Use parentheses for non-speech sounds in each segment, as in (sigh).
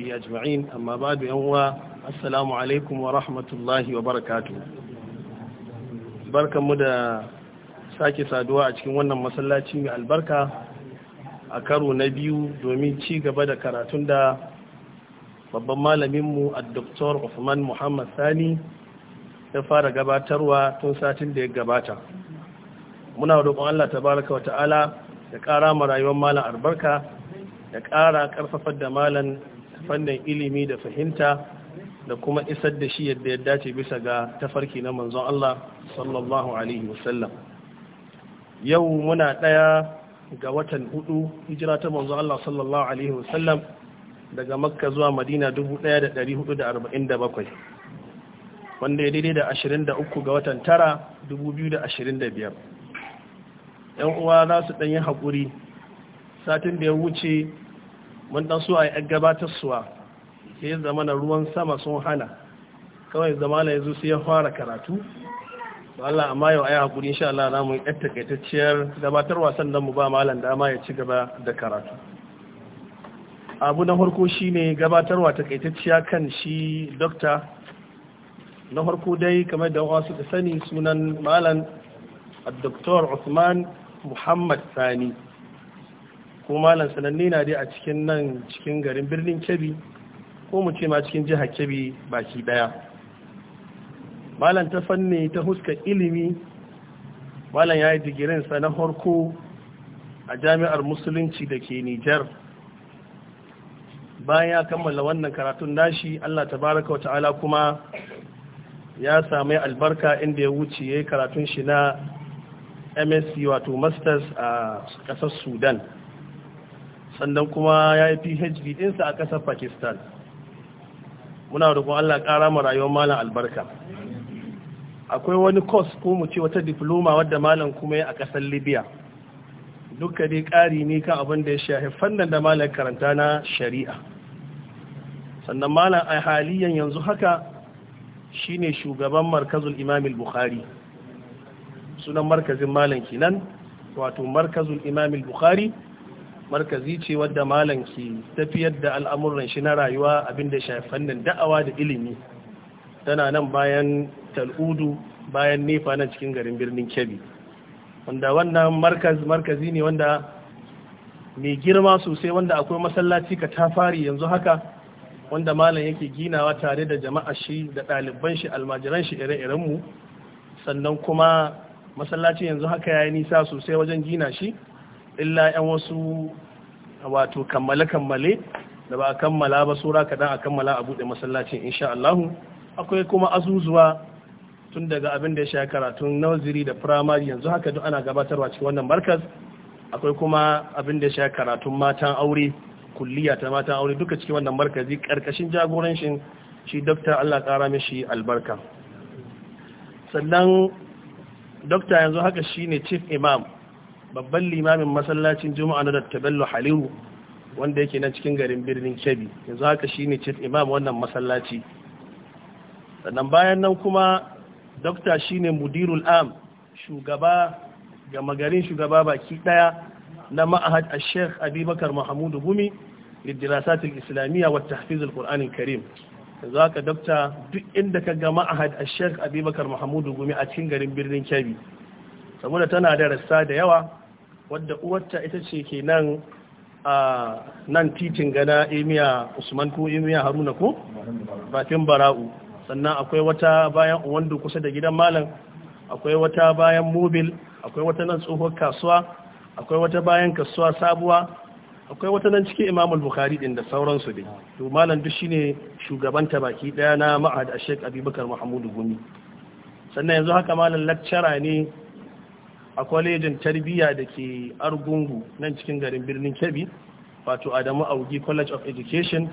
amma أجمعين أما بعد assalamu alaikum wa rahmatullahi الله وبركاته بركة da sake saduwa a cikin wannan masallaci mai albarka a karo na biyu domin ci gaba da karatun da babban malaminmu a Dr. Usman Muhammad Sani ya fara gabatarwa tun satin da ya gabata. Muna roƙon Allah tabaraka wa ta'ala ya ƙara ma rayuwar malam albarka ya ƙara ƙarfafar da malam fannin ilimi da fahimta da kuma isar da shi yadda ya dace bisa ga tafarki na manzon Allah sallallahu alaihi wasallam yau muna ɗaya ga watan hudu hijira ta manzon Allah sallallahu alaihi wasallam daga makka zuwa madina 1447 wanda ya daidai da 23 ga watan tara 2025 yan uwa za su ɗanyi haƙuri satin da ya wuce mun dan so a yi gabatar suwa sai zama na ruwan sama sun hana kawai zama na yanzu sai ya fara karatu Allah amma yau ayi hakuri insha Allah za mu yi takaitacciyar gabatar wasan dan mu ba malam dama ya ci gaba da karatu abu na farko shine gabatarwa takaitacciya kan shi dokta na farko dai kamar da wasu da sani sunan malam Dr. Usman Muhammad Sani ko malam sananne na dai a cikin nan cikin garin birnin kebbi ko mu ce ma cikin jiha kebbi baki daya malam ta fanni ta huskar ilimi malam ya yi digirinsa na harko a jami'ar musulunci da ke nijar bayan ya kammala wannan karatun nashi allah ta tabaraka wata'ala kuma ya sami albarka inda ya wuce ya yi karatun shi na msc wato masters a kasar sudan sannan kuma ya yi phd ɗinsa a ƙasar pakistan muna roƙon allah ƙara ma rayuwar malam albarka akwai wani course ko mu ce wata diploma wadda malam kuma ya a ƙasar libya duka dai ƙari ne kan abin da ya shafi fannin da malam karanta na shari'a sannan malam a haliyan yanzu haka shine shugaban markazul imamil bukhari sunan markazin malam kinan wato markazul imamil bukhari markazi ce wadda malam ke tafiyar da al'amuran shi na rayuwa abinda shafi fannin da'awa da ilimi tana nan bayan tal'udu bayan nefa nan cikin garin birnin kebbi wanda wannan markaz markazi ne wanda mai girma sosai wanda akwai masallaci ka fari yanzu haka wanda malam yake ginawa tare da jama'a shi da ɗaliban shi almajiran shi ire-irenmu sannan kuma masallaci yanzu haka ya yi nisa sosai wajen gina shi illa yan wasu wato kammale-kammale da ba a kammala ba sura kaɗan a kammala a buɗe masallacin insha Allahu akwai kuma azuzuwa tun daga abin da ya sha karatun naziri da firamare yanzu haka duk ana gabatarwa cikin wannan markaz akwai kuma abin da ya sha karatun matan aure kulliya ta matan aure duka cikin wannan markazi karkashin jagorancin shi dokta Allah kara mishi albarka sannan dokta yanzu haka shine chief imam babban limamin masallacin juma'a na Dr. Bello Haliru wanda yake nan cikin garin birnin Kebbi yanzu haka ne chief imam wannan masallaci sannan bayan nan kuma dokta ne mudirul am shugaba ga magarin shugaba baki daya na ma'ahad a sheikh Abubakar Mahmud Gumi wa الإسلامية والتحفيز القرآن Yanzu haka dokta duk inda ka ga ma'ahad a sheikh Abubakar Mahmud Gumi a cikin garin birnin Kebbi saboda tana da rassa da yawa wadda uwarta ita ce ke nan a nan titin gana emiya usman ko emiya haruna ko bakin bara'u sannan akwai wata bayan wanda kusa da gidan malam akwai wata bayan mobil akwai wata nan tsohon kasuwa akwai wata bayan kasuwa sabuwa akwai wata nan cikin imamul bukhari din da sauransu dai to malam duk shine ta baki daya na ma'ad ashek abubakar mahamudu gumi sannan yanzu haka malam lakcara ne a kwalejin tarbiyya da ke argungu nan cikin garin birnin kebbi wato adamu augi college of education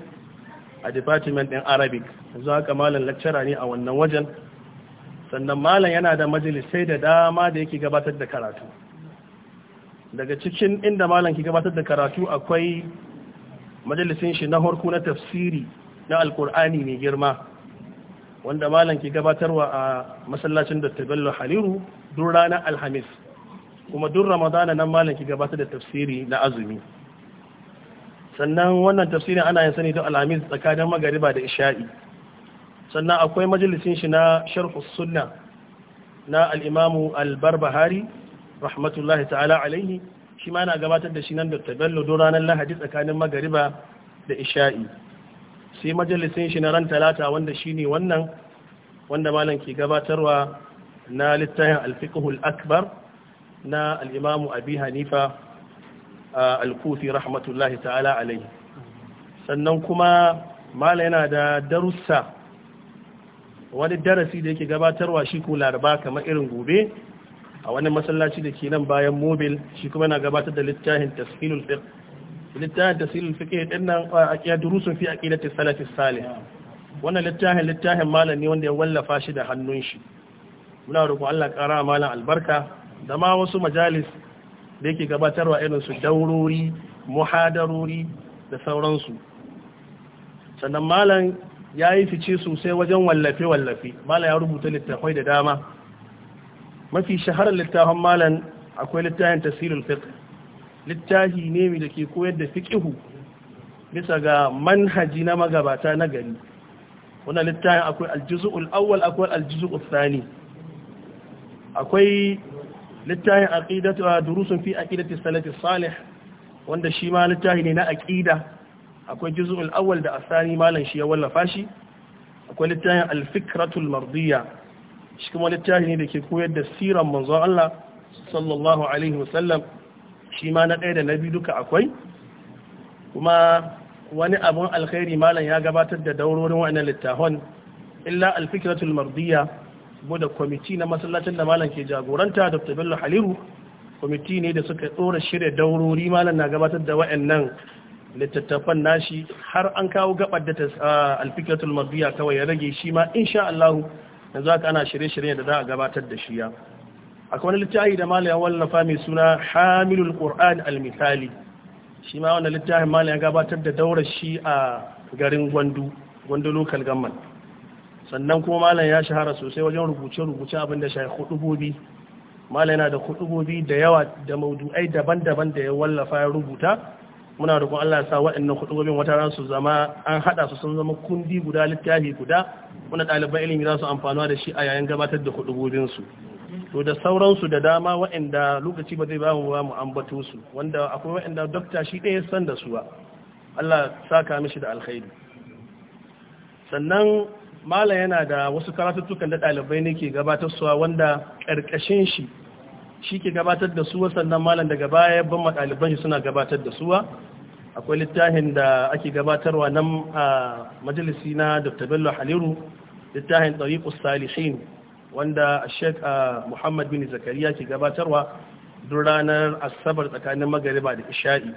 a department ɗin arabic Za ka malam lecturer ne a wannan wajen sannan malam yana da majalisai da dama da yake gabatar da karatu daga cikin inda malam ke gabatar da karatu akwai majalisin shi na harku na tafsiri na alkur'ani mai girma wanda malam ke gabatarwa a masallacin da tabello haliru duk ranar alhamis kuma duk ramadana nan malam ki gabatar da tafsiri na azumi sannan wannan tafsirin ana yin sani ta alhamis tsakanin magariba da isha'i sannan akwai majalisin shi na sharhu sunna na al'imamu al-barbahari rahmatullahi ta'ala alaihi shi ma na gabatar da shi nan da tabello don ranar lahadi tsakanin magariba da isha'i sai majalisin shi na ran talata wanda shi ne wannan wanda malam ke gabatarwa na littafin alfikihul akbar na al'imamu abi hanifa al-kufi rahmatullahi ta'ala alai sannan kuma mala yana da darussa wani darasi da yake gabatarwa shi ko laraba kamar irin gobe a wani masallaci da ke nan bayan mobil shi kuma yana gabatar da littafin tashilul fiqh littahin tashilul fiqh din nan a durusun fi aqidati salafi salih wannan littafin littafin malami ne wanda ya wallafa shi da hannun shi muna roƙon Allah ƙara malam albarka da ma wasu majalis da yake gabatarwa irin su daurori muhadarori da sauransu sannan malam ya yi fice sosai wajen wallafe-wallafe malam ya rubuta littafai da dama mafi shaharar littafin malam akwai littafin tasirin fiqh littafi ne mai da ke koyar da fiqihu bisa ga manhaji na magabata na gari wannan littafin akwai aljizu'ul awwal akwai aljizu'ul thani akwai littafin aqidatu ah, durusun fi aqidati salati salih wanda shi ma littafi ne na aqida akwai juz'ul awwal da asani malan shi ya wallafa shi akwai littafin al-fikratul mardiya shi kuma littafi ne da ke koyar da siran manzon Allah sallallahu alaihi wasallam shi ma na ɗaya da na biyu duka akwai kuma wani abun alkhairi malam ya gabatar da daurorin wa'annan littafan illa al-fikratul mardiya mu da kwamiti na masallacin da malam ke jagoranta dr bello haliru kwamiti ne da suka tsora shirya daurori malam na gabatar da wa'annan littattafan nashi har an kawo gabar da alfikatul mabiya kawai ya rage shi ma insha Allah yanzu haka ana shirye-shirye da za a gabatar da shi ya akwai wani littafi da malam ya wallafa mai suna hamilul qur'an al-misali shi ma wannan littafin malam ya gabatar da daurar shi a garin gwandu gwandu local government sannan kuma malam ya shahara sosai wajen rubuce-rubuce abin da shahi gobi malam yana da gobi da yawa da maudu'ai daban-daban da ya wallafa ya rubuta muna da kuma Allah ya sa waɗannan hudubobin wata ran su zama an hada su sun zama kundi guda littafi guda muna ɗaliban ilimi za su amfanuwa da shi a yayin gabatar da gobin su to da sauransu da dama waɗanda lokaci ba zai ba mu ba mu ambato su wanda akwai waɗanda dokta shi ɗaya san da su ba Allah saka mishi da alkhairi sannan mala yana da wasu karatuttukan da ɗalibai ne ke gabatar suwa wanda ƙarƙashin shi shi ke gabatar da suwa sannan malam daga baya ban ma ɗaliban shi suna gabatar da suwa akwai littafin da ake gabatarwa nan a majalisi na dr bello haliru littafin ɗariƙus salihin wanda sheik muhammad bin zakariya ke gabatarwa duk ranar asabar tsakanin magariba da isha'i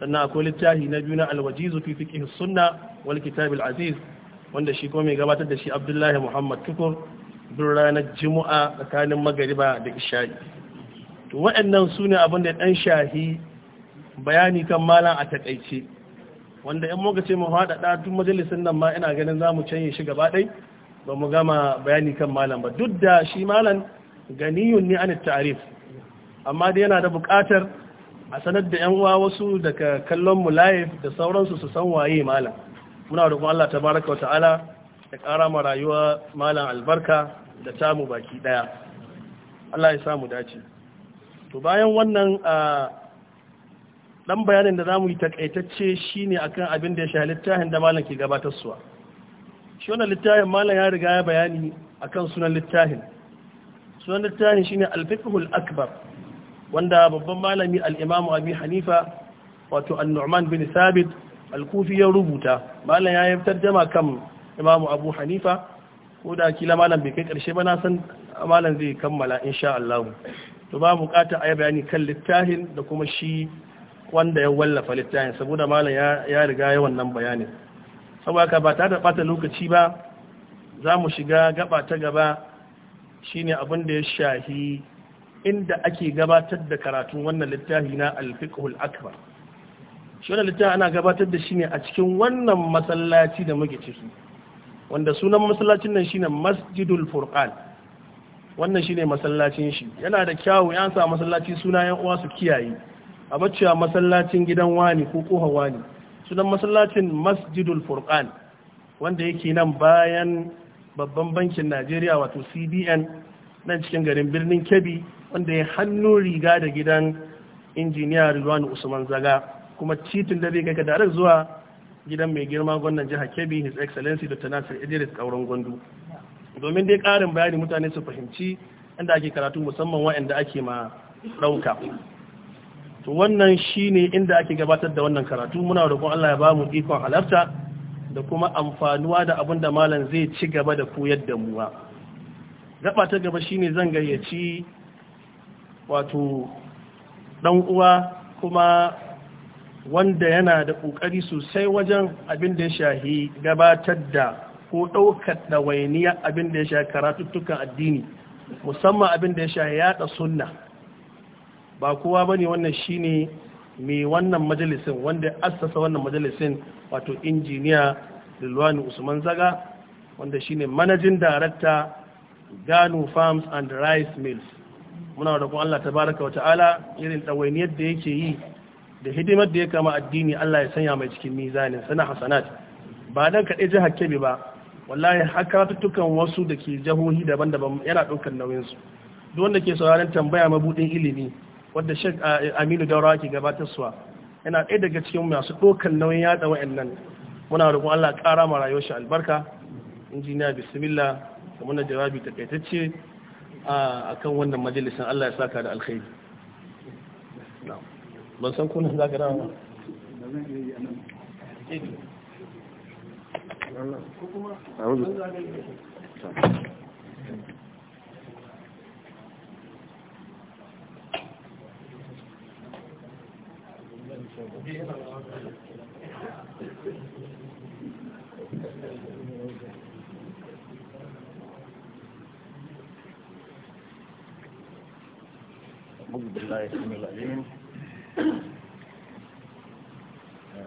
sannan akwai littafi na biyu na alwajizu fi fiƙin sunna wal kitabil aziz wanda shi kuma mai gabatar da shi abdullahi muhammad tukur don ranar jimu'a tsakanin magariba da isha'i to waɗannan su ne abin da ɗan shahi bayani kan malam a taƙaice wanda 'yan muka ce mu haɗaɗa tun majalisin nan ma ina ganin za mu canye shi gaba ɗai ba mu gama bayani kan malam ba duk da shi malam ganiyun ne an tarif amma dai yana da buƙatar a sanar da 'yan uwa wasu daga kallon mu live da sauransu su san waye malam muna roƙon Allah tabaraka wa ta'ala ya ƙara ma rayuwa malam albarka da tamu baki ɗaya Allah ya samu dace to bayan wannan ɗan bayanin da za mu yi takaitacce shine akan abin da ya sha littafin da malam ke gabatar suwa shi wannan littafin malam ya riga ya bayani a kan sunan littafin sunan littafin shine ne fiqhul akbar wanda babban malami al-imam Abi Hanifa wato al numan bin sabit alkufi ya rubuta malam ya yi tarjama kan imamu abu hanifa ko da kila malam bai kai karshe ba na san malam zai kammala insha Allah to ba bukata a yi bayani kan littafin da kuma shi wanda ya wallafa littafin saboda malam ya riga ya wannan bayanin saboda ba ta da bata lokaci ba za mu shiga gaba ta gaba shine abin da ya shahi inda ake gabatar da karatun wannan littafi na al-fiqhul akbar shi wannan littafi ana gabatar da shi ne a cikin wannan masallaci da muke ciki wanda sunan masallacin nan shine Masjidul Furqan wannan shine masallacin shi yana da kyawu ya sa masallaci suna yan uwa su kiyaye a bacciya masallacin gidan wani ko kohon wani sunan masallacin Masjidul Furqan wanda yake nan bayan babban bankin Najeriya wato CBN nan cikin garin birnin Kebbi wanda ya hannu riga da gidan injiniya Rilwanu Usman Zaga kuma titin da zai kai ka direct zuwa gidan mai girma gwamnan jihar Kebbi His Excellency Dr. Nasir Idris Kauran Gwandu domin dai ƙarin bayani mutane su fahimci inda ake karatu musamman wa'anda ake ma ɗauka to wannan shine inda ake gabatar da wannan karatu muna roƙon Allah ya bamu ikon halarta da kuma amfanuwa da abin da malam zai ci gaba da koyar da mu gaba ta gaba shine zan gayyaci wato dan uwa kuma wanda yana da ƙoƙari sosai wajen abin da ya shahi gabatar da ko ɗaukar ɗawainiya abin da ya shahi karatuttukan addini musamman abin da ya shahi yaɗa sunna ba kowa ba ne wannan shi ne mai wannan majalisin wanda ya assasa wannan majalisin wato injiniya lulwani usman zaga wanda shi ne manajin darakta gano farms and rice mills muna da kuma allah tabaraka wa ta'ala irin ɗawainiyar da yake yi da hidimar da ya kama addini Allah ya sanya mai cikin mizanin sana hasanat ba dan kaɗai jihar kebe ba wallahi har wasu da ke jahohi daban-daban yana ɗaukar nauyinsu duk wanda ke sauraron tambaya mabuɗin ilimi wadda shek aminu daura ke gabatar suwa yana ɗaya daga cikin masu ɗaukar nauyin yaɗa wa'annan muna roƙon allah ƙara ma rayuwar shi albarka injiniya bismillah da muna jawabi takaitacce a kan wannan majalisin allah ya saka da alkhairi ban san kuna za ka dama أعوذ بالله السميع العليم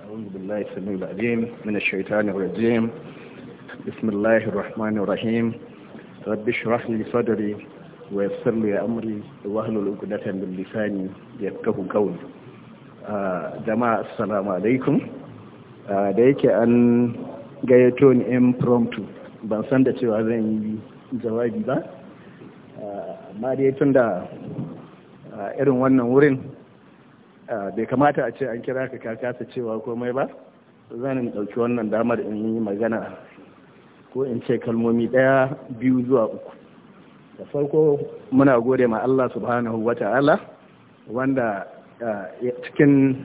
أعوذ بالله السميع العليم من الشيطان الرجيم بسم الله الرحمن الرحيم رب اشرح لي صدري ويسر لي أمري واحلل عقدة من لساني يفقهوا قولي جماعة السلام عليكم da yake an gayyato ni impromptu ban san da cewa zan yi jawabi ba amma dai tun da irin wannan wurin bai kamata a ce an kira ka ka kasa cewa komai ba zan ɗauki wannan damar in yi magana ko in ce kalmomi ɗaya biyu zuwa uku da farko muna gode ma Allah subhanahu wa ta'ala wanda cikin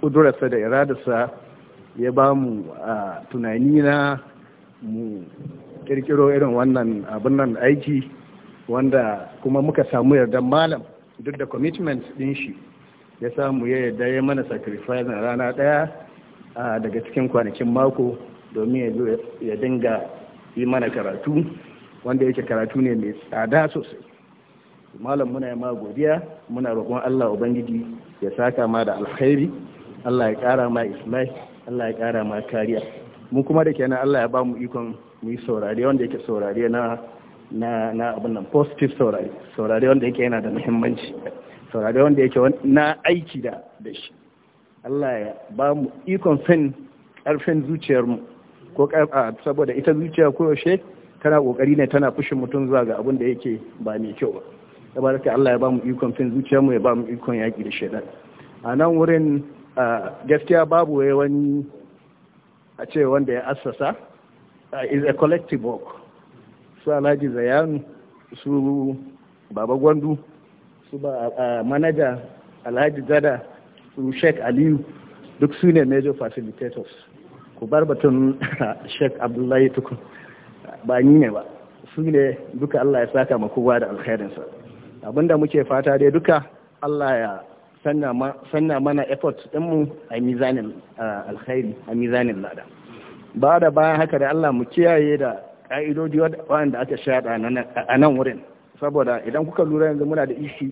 ƙudurarsa da iradarsa ya ba mu tunani na mu kirkiro irin wannan abin nan aiki wanda kuma muka samu yardar malam duk da commitment din shi ya samu ya yarda ya mana sacrifice na rana daya daga cikin kwanakin mako domin ya dinga yi mana karatu wanda yake karatu ne mai tsada sosai malam muna yi ma godiya muna roƙon Allah ubangiji ya saka ma da alkhairi Allah ya ƙara ma islai Allah ya ƙara ma kariya mu kuma da kenan Allah ya ba mu ikon mu yi saurare wanda yake saurare na na na abin nan positive saurare saurare wanda yake yana da muhimmanci saurari wanda yake na aiki da shi Allah ya ba mu ikon san ƙarfin zuciyarmu ko saboda ita zuciya koyaushe tana ƙoƙari ne tana fushin mutum zuwa ga abin da yake ba mai kyau ba tabaraka Allah ya ba mu ikon fin zuciyarmu ya ba mu ikon yaƙi da shaidan a nan wurin gaskiya babu wani a ce wanda ya assasa is a collective work su alhaji zayan su baba gwandu su ba manaja alhaji gada su sheik aliyu duk su ne major facilitators ku bar batun (laughs) sheik abdullahi tukun ba ni ne ba su ne duka allah ya saka ma kowa da alkhairinsa abinda muke fata dai duka allah ya sanya mana effort ɗinmu a mizanin alkhairi a mizanin lada ba da bayan haka da allah mu kiyaye da ƙa'idodi da aka shaɗa a nan wurin saboda idan kuka lura yanzu muna da ishi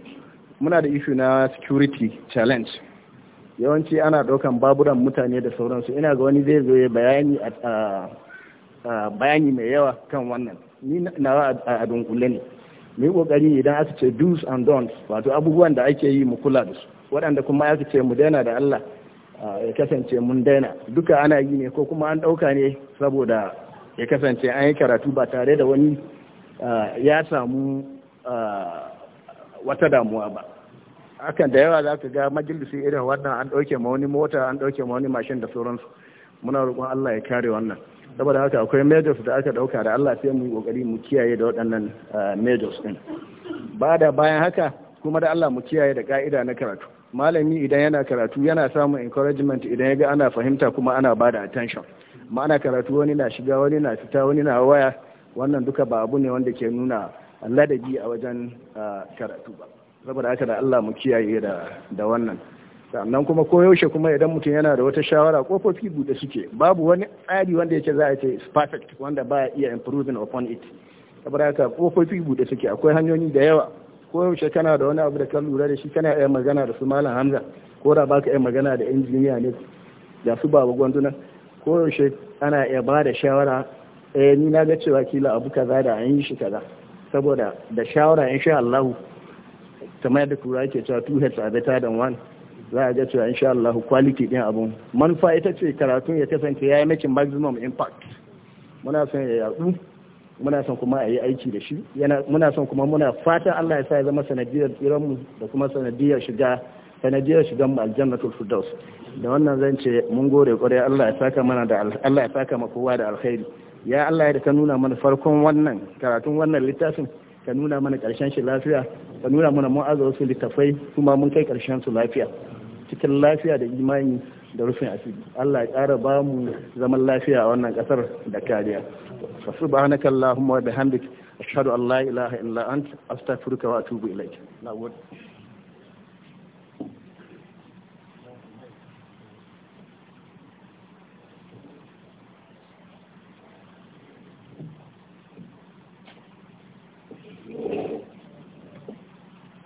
muna da ishi na security challenge yawanci ana ɗaukan baburan mutane da sauransu ina ga wani zai zo ya bayani bayani mai yawa kan wannan ni na a dunkule ne mu yi kokari idan aka ce do's and don'ts wato abubuwan da ake yi mu kula da su waɗanda kuma aka ce mu daina da Allah ya kasance mun daina duka ana yi ne ko kuma an ɗauka ne saboda ya kasance an yi karatu ba tare da wani Eh, ya samu eh, wata damuwa ba hakan da yawa za ka ga majalisi irin wannan an ɗauke ma wani mota an ɗauke ma wani mashin da sauransu muna roƙon Allah ya kare wannan saboda haka akwai majors da aka ɗauka da Allah sai mu yi ƙoƙari mu kiyaye da waɗannan eh, majors ɗin ba da bayan haka kuma da Allah mu kiyaye da ƙa'ida na karatu malami idan yana karatu yana samun encouragement idan ya ga ana fahimta kuma ana ba da attention ma'ana karatu wani na shiga wani na fita wani na waya wannan duka ba abu ne wanda ke nuna ladabi a wajen karatu ba saboda haka da Allah mu kiyaye da wannan sannan kuma koyaushe kuma idan mutum yana da wata shawara kofofi bude suke babu wani tsari wanda yake za a ce is perfect wanda ba iya improving upon it saboda haka kofofi buɗe suke akwai hanyoyi da yawa koyaushe kana da wani abu da ka lura da shi kana iya magana da su malam hamza ko da baka iya magana da injiniya ne da su baba gwanduna koyaushe ana iya ba da shawara eh ni na ga cewa kila abu kaza da an yi shi kaza saboda da shawara insha Allah kamar da kura yake cewa two heads are better than one za a ga cewa insha Allah quality din abun manufa ita ce karatun ya kasance ya yi making maximum impact muna son ya yadu muna son kuma a yi aiki da shi muna son kuma muna fatan Allah ya sa ya zama sanadiyar tsiranmu da kuma sanadiyar shiga sanadiyar shigan mu aljannatul firdaus da wannan zan ce mun gode kwarai Allah ya saka mana da Allah ya saka ma kowa da alkhairi ya Allah ya da ka nuna mana farkon wannan karatun wannan littafin ka nuna mana karshen shi lafiya ka nuna mana mu wasu littafai kuma mun kai karshen su lafiya cikin lafiya da imani da rufin asiri Allah ya kara ba mu zaman lafiya a wannan kasar da kariya subhanaka allahumma wa bihamdik ashhadu an la ilaha illa anta astaghfiruka wa atubu ilaik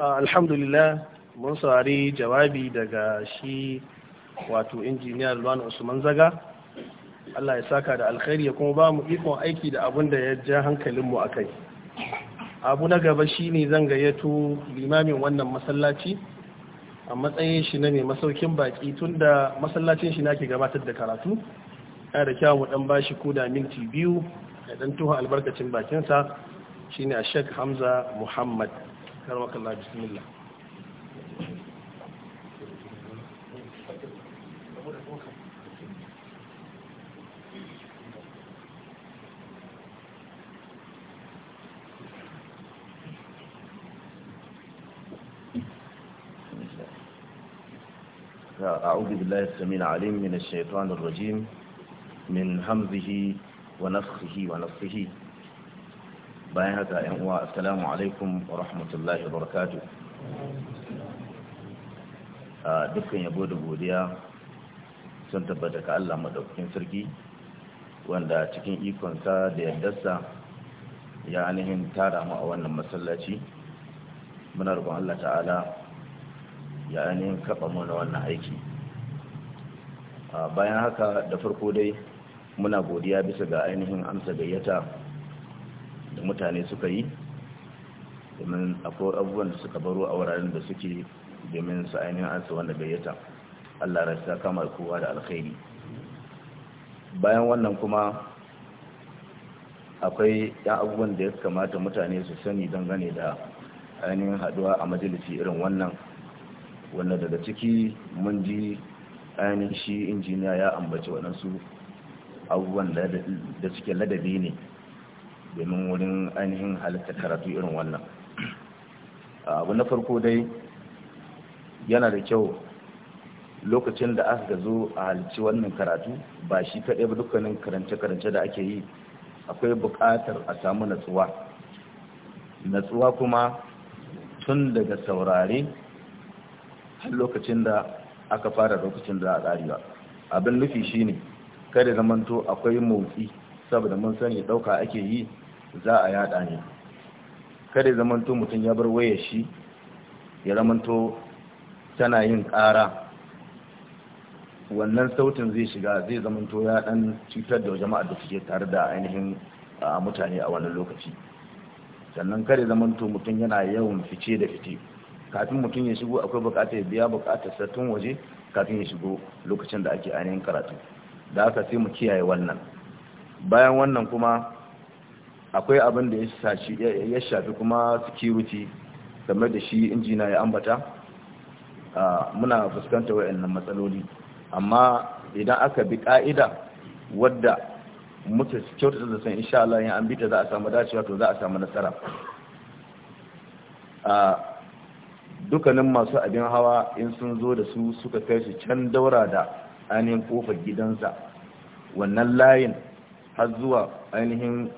Ah, alhamdulillah mun saurari jawabi daga shi wato injiniya Luwan Usman Zaga Allah ya saka da alkhairi ya kuma ba mu ikon aiki da abun da ya ja hankalinmu a kai abu na gaba shine zan gayyato limamin wannan masallaci a matsayin shi na mai masaukin baki tunda masallacin shi ke gabatar da karatu ya da kyawu dan bashi ko da minti biyu da dan tuha albarkacin bakinsa shine a Sheikh Hamza Muhammad كرمك الله بسم الله أعوذ بالله السميع العليم من الشيطان الرجيم من همزه ونفخه ونفخه bayan haka yan uwa assalamu alaikum wa rahmatullahi wa a dukkan yabo da godiya sun tabbata ka Allah madaukakin sarki wanda cikin ikon sa da yardarsa ya ainihin tara mu a wannan masallaci muna roƙon Allah ta'ala ya ainihin kaɓa mu na wannan aiki bayan haka da farko dai muna godiya bisa ga ainihin amsa gayyata mutane suka yi domin akwai abubuwan da suka baro a wuraren da suke domin su ainihin ansa wanda gayyata Allah rasu kama kowa da alkhairi bayan wannan kuma akwai yan abubuwan da ya kamata mutane su sani dangane da ainihin haduwa a majalisi irin wannan wanda daga ciki mun ji ainihin shi injiniya ya ambaci waɗansu abubuwan da suke ladabi ne domin wurin ainihin halitta karatu irin wannan abu na farko dai yana da kyau lokacin da aka zo a halci wannan karatu ba shi kaɗai ba dukkanin karance-karance da ake yi akwai buƙatar a samu natsuwa natsuwa kuma tun daga saurare har lokacin da aka fara lokacin da a ƙariwa abin nufi shine kada zamanto akwai motsi saboda mun sani ɗauka ake yi za a yada ne kada zamanto mutum ya bar waya shi ya zamanto tana yin kara wannan sautin zai shiga zai zamanto ya dan cutar da jama'a da suke tare da ainihin mutane a wannan lokaci sannan kada zamanto mutum yana yawan fice da fice kafin mutum ya shigo akwai bukatar biya bukatar sattun waje kafin ya shigo lokacin da ake ainihin karatu da haka sai mu kiyaye wannan bayan wannan kuma akwai abin da ya shafi kuma security game da shi injina ya ambata muna fuskanta wayannan matsaloli amma idan aka bi ka'ida wadda mutu kyautata da san insha Allah yin an bita za a samu dacewa to za a samu nasara a dukkanin masu abin hawa in sun zo da su suka kai su can daura da ainihin kofar gidansa wannan layin har zuwa ainihin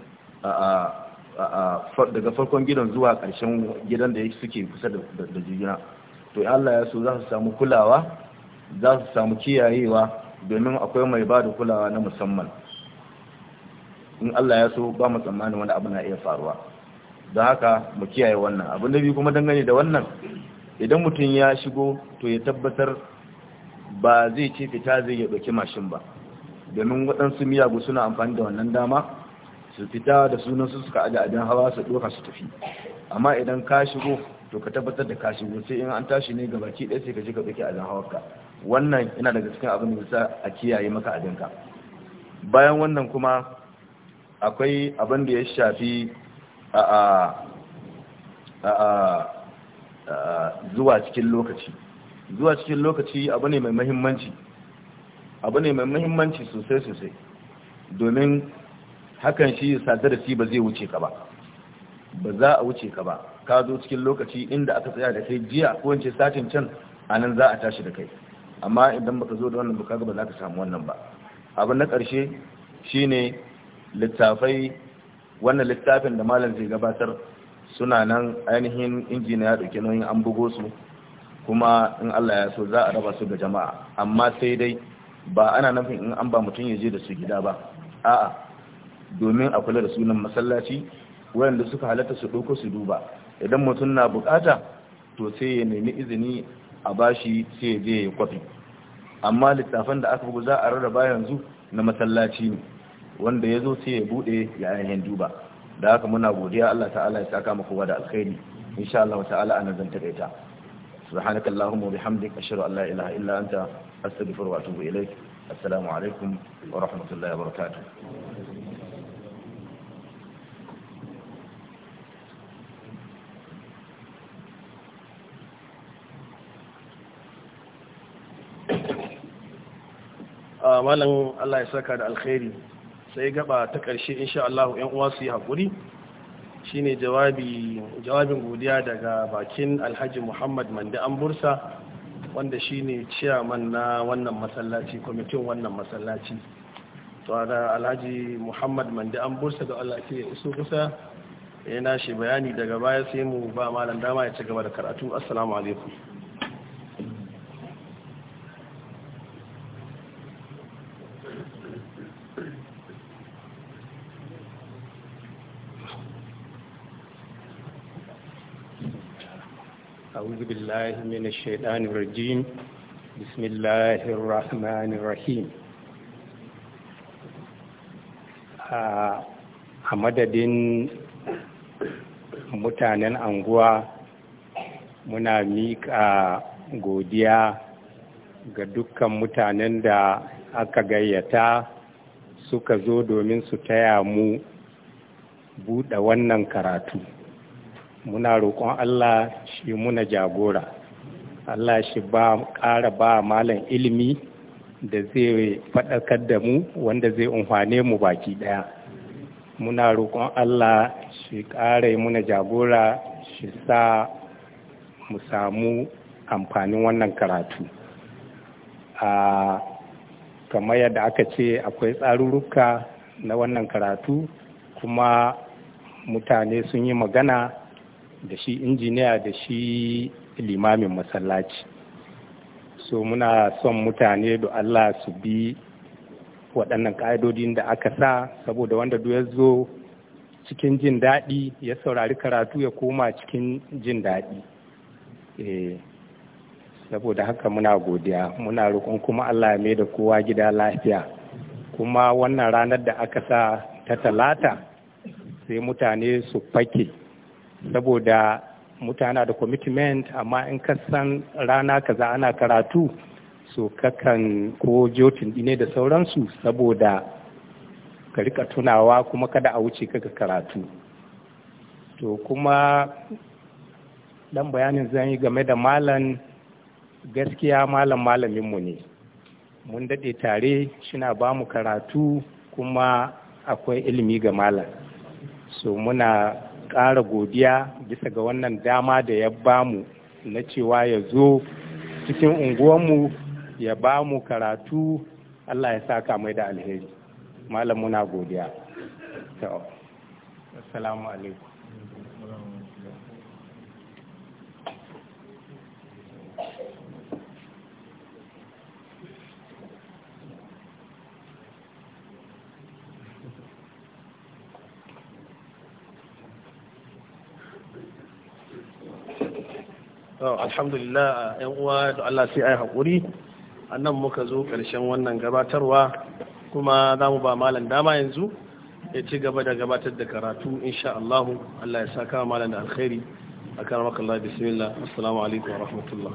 daga farkon gidan zuwa ƙarshen gidan da suke kusa da juna to Allah ya so za su samu kulawa za su samu kiyayewa domin akwai mai ba da kulawa na musamman in Allah ya so ba mu tsammani wani abu na iya faruwa don haka mu kiyaye wannan abin da biyu kuma dangane da wannan idan mutum ya shigo to ya tabbatar ba zai ce fita zai ya ɗauki mashin ba domin waɗansu miyagu suna amfani da wannan dama su fita da sunan su suka aje abin hawa su doka su tafi amma idan ka shigo to ka tabbatar da ka shigo sai in an tashi ne ga baki ɗaya sai ka je ka ajin abin ka, wannan yana daga cikin abin da sa a kiyaye maka ka. bayan wannan kuma akwai abin da ya shafi a a a zuwa cikin lokaci zuwa cikin lokaci abu ne mai mahimmanci abu ne mai mahimmanci sosai sosai domin hakan shi sadar shi ba zai wuce ka ba ba za a wuce ka ba ka zo cikin lokaci inda aka tsaya da kai jiya ko wance satin can a nan za a tashi da kai amma idan baka zo da wannan ba ba za ka samu wannan ba abu na ƙarshe shine littafai wannan littafin da malam zai gabatar suna nan ainihin injina ya dauke nauyin an bugo su kuma in Allah ya so za a raba su ga jama'a amma sai dai ba ana nufin in an ba mutum ya je da su gida ba a'a domin a kula da sunan masallaci wayanda suka halatta su ɗauko su duba idan mutum na bukata to sai ya nemi izini a bashi sai ya je ya kwafi amma littafan da aka bugu za a rarraba yanzu na masallaci ne wanda ya zo sai ya buɗe ya ainihin duba da haka muna godiya Allah ta'ala ya saka kama kowa da alkhairi insha Allah ta'ala ana zanta da subhanaka allahumma wa bihamdik ashhadu an la ilaha illa anta astaghfiruka wa atubu ilaik rahmatullahi wa malam Allah ya saka da alkhairi sai gaba ta ƙarshe insha Allah ƴan uwa su yi hakuri shine jawabi jawabin godiya daga bakin Alhaji Muhammad Mande an Bursa wanda shine chairman na wannan masallaci kwamitin wannan masallaci to Alhaji Muhammad Mande an Bursa da Allah ke iso kusa yana shi bayani daga baya sai mu ba malam dama ya ci gaba da karatu assalamu alaikum أعوذ بالله من الشيطان الرجيم بسم الله الرحمن الرحيم a madadin mutanen anguwa muna miƙa godiya ga dukkan mutanen da aka gayyata suka zo domin su taya mu buɗe wannan karatu muna roƙon Allah shi muna jagora Allah shi ba ƙara ba malam ilimi da zai faɗakar da mu wanda zai umfane mu baki ɗaya muna roƙon Allah shi ƙara muna jagora shi sa mu samu amfanin wannan karatu a kamar yadda aka ce akwai tsarurruka na wannan karatu kuma mutane sun yi magana da shi injiniya da shi limamin masallaci so muna son mutane da Allah su bi waɗannan ƙa'idodin da aka sa saboda wanda duk ya zo cikin jin daɗi ya saurari karatu ya koma cikin jin daɗi eh, saboda haka muna godiya muna roƙon kuma Allah mai da kowa gida lafiya kuma wannan ranar da aka sa ta talata sai mutane su fake saboda mutane da commitment amma in ka san rana kaza ana karatu so kakan ko jotin ne da sauransu saboda ka rika tunawa kuma kada a wuce kaga karatu to kuma dan bayanin zan yi game da malam gaskiya malam malaminmu ne mun daɗe tare shina ba mu karatu kuma akwai ilimi ga malam so muna ƙara godiya bisa ga wannan dama da ya bamu na cewa ya zo cikin unguwanmu ya bamu karatu Allah ya saka mai da alheri malam muna godiya assalamu alaikum alhamdulillah yan uwa da Allah sai ai hakuri annan muka zo karshen wannan gabatarwa kuma zamu ba malam dama yanzu ya ci gaba da gabatar da karatu insha Allah Allah ya saka malam da alkhairi akan rakallah bismillah assalamu alaikum wa rahmatullah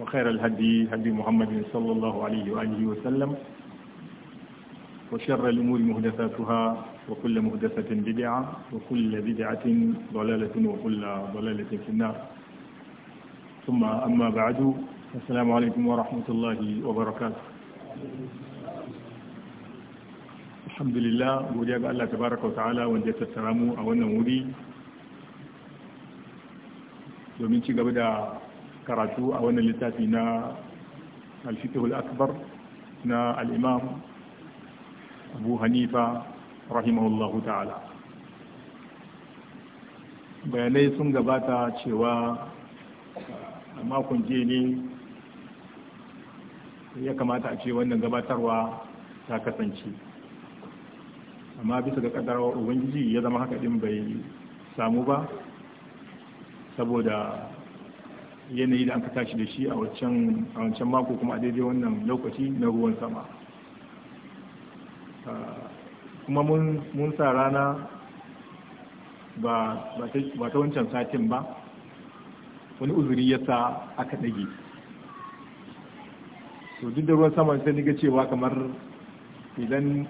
وخير الهدي هدي محمد صلى الله عليه وآله وسلم وشر الأمور مهدثاتها وكل مهدثة بدعة وكل بدعة ضلالة وكل ضلالة في النار ثم أما بعد السلام عليكم ورحمة الله وبركاته الحمد لله وجاب الله تبارك وتعالى wa السلام أولا مولي ومن mu a karatu a wannan littafi na alfikihul akbar na al'imam abu hanifa rahimahullahu ta'ala bayanai sun gabata cewa a makon jiya ne ya kamata a ce wannan gabatarwa ta kasance amma bisa ga ƙadarwar ubangiji ya zama haka ɗin bai samu ba saboda yanayi da aka tashi da shi a wancan mako kuma a daidai wannan lokaci na ruwan sama ah, kuma mun sa rana ba ta wancan satin ba wani uzuri ya sa aka ɗage to duk da ruwan sama sai ga cewa kamar idan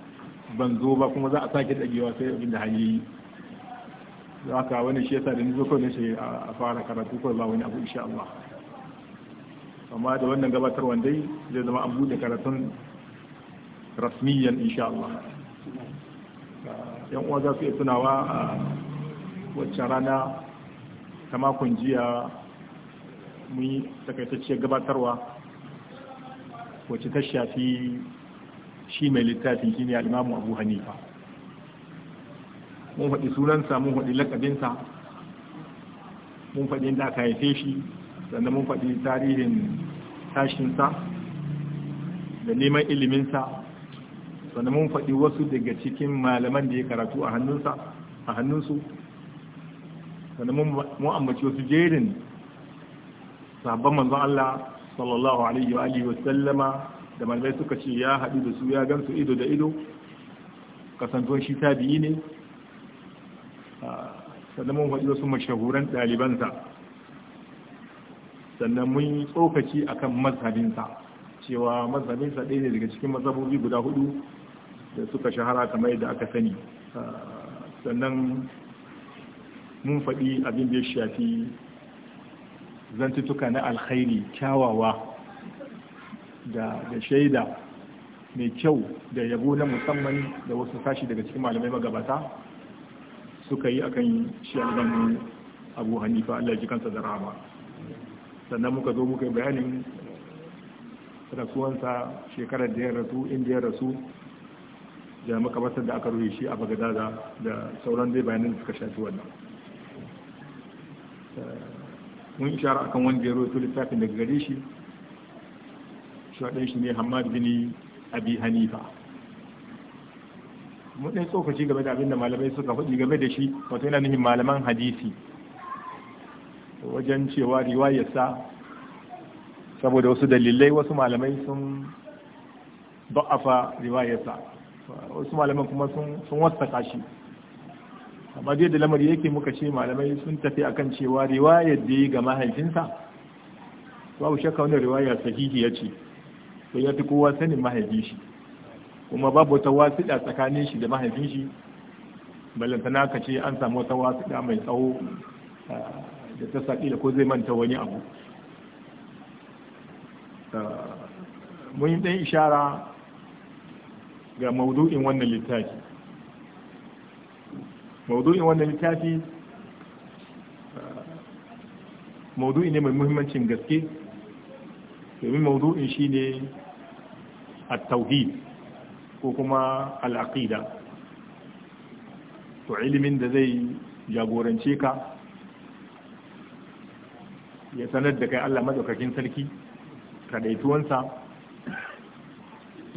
ban zo ba kuma za a sake ɗagewa sai abin da hanyoyi. za ka wani shi yasa da nizo kawai shi a fara karatu ko ba wani abu insha Allah amma da wannan gabatar dai zai zama an bude karatun rasmiyan insha Allah yan uwa za su iya tunawa a wacce rana ta makon jiya mun yi takaitacciyar gabatarwa wacce ta shafi shi mai littafin shi ne al'imamu abu hanifa mun faɗi sunansa mun faɗi lakabinsa mun faɗi inda aka haife shi sannan mun faɗi tarihin tashinsa da neman iliminsa sannan mun faɗi wasu daga cikin malaman da ya karatu a hannunsa a hannunsu sannan mun ambaci wasu jerin sahabban manzon Allah sallallahu alaihi wa alihi wa sallama da malamai suka ce ya haɗu da su ya gamsu ido da ido kasantuwar shi tabi'i ne sannan mun faɗi wasu mashahuran ɗalibansa sannan mun yi tsokaci akan mazhabinsa cewa mazhabinsa ɗaya ne daga cikin mazhabobi guda hudu da suka shahara kamar yadda aka sani sannan mun faɗi abin da ya shafi zantutuka na alkhairi kyawawa da shaida mai kyau da yabo na musamman da wasu sashi daga cikin malamai magabata suka yi akan shi alban abu hanifa allah ji kansa da rama sannan muka zo muka yi bayanin rasuwansa shekarar da ya rasu inda ya rasu da makamasar da aka rufe shi a bagadaza da sauran dai bayanin da suka shafi wannan mun ishara akan wanda ya roto littafin daga gare shi shi shi ne hamad bin abi hanifa mu dai tsokaci game da abin da malamai suka faɗi game da shi wato yana nufin malaman hadisi wajen cewa sa saboda wasu dalilai wasu malamai sun ba'afa sa wasu malaman kuma sun wasaka shi amma dai da lamari yake muka ce malamai sun tafi akan cewa riwayar da ga mahaifinsa babu shakka wani riwaya sahihi ya ce sai ya fi kowa sanin mahaifin shi kuma babu wata wasiɗa tsakanin shi da mahaifin shi ballantana ka ce an samu wata wasiɗa mai tsawo ah, da ta saƙi da ko zai manta wani abu ah, mun yi ɗan ishara ga maudu'in wannan littafi maudu'in wannan littafi ah, maudu'i ne mai muhimmancin gaske domin maudu'in shi ne a tauhid ko kuma al'aqida to ilimin da zai jagorance ka ya sanar da kai Allah madaukakin sarki kadaituwansa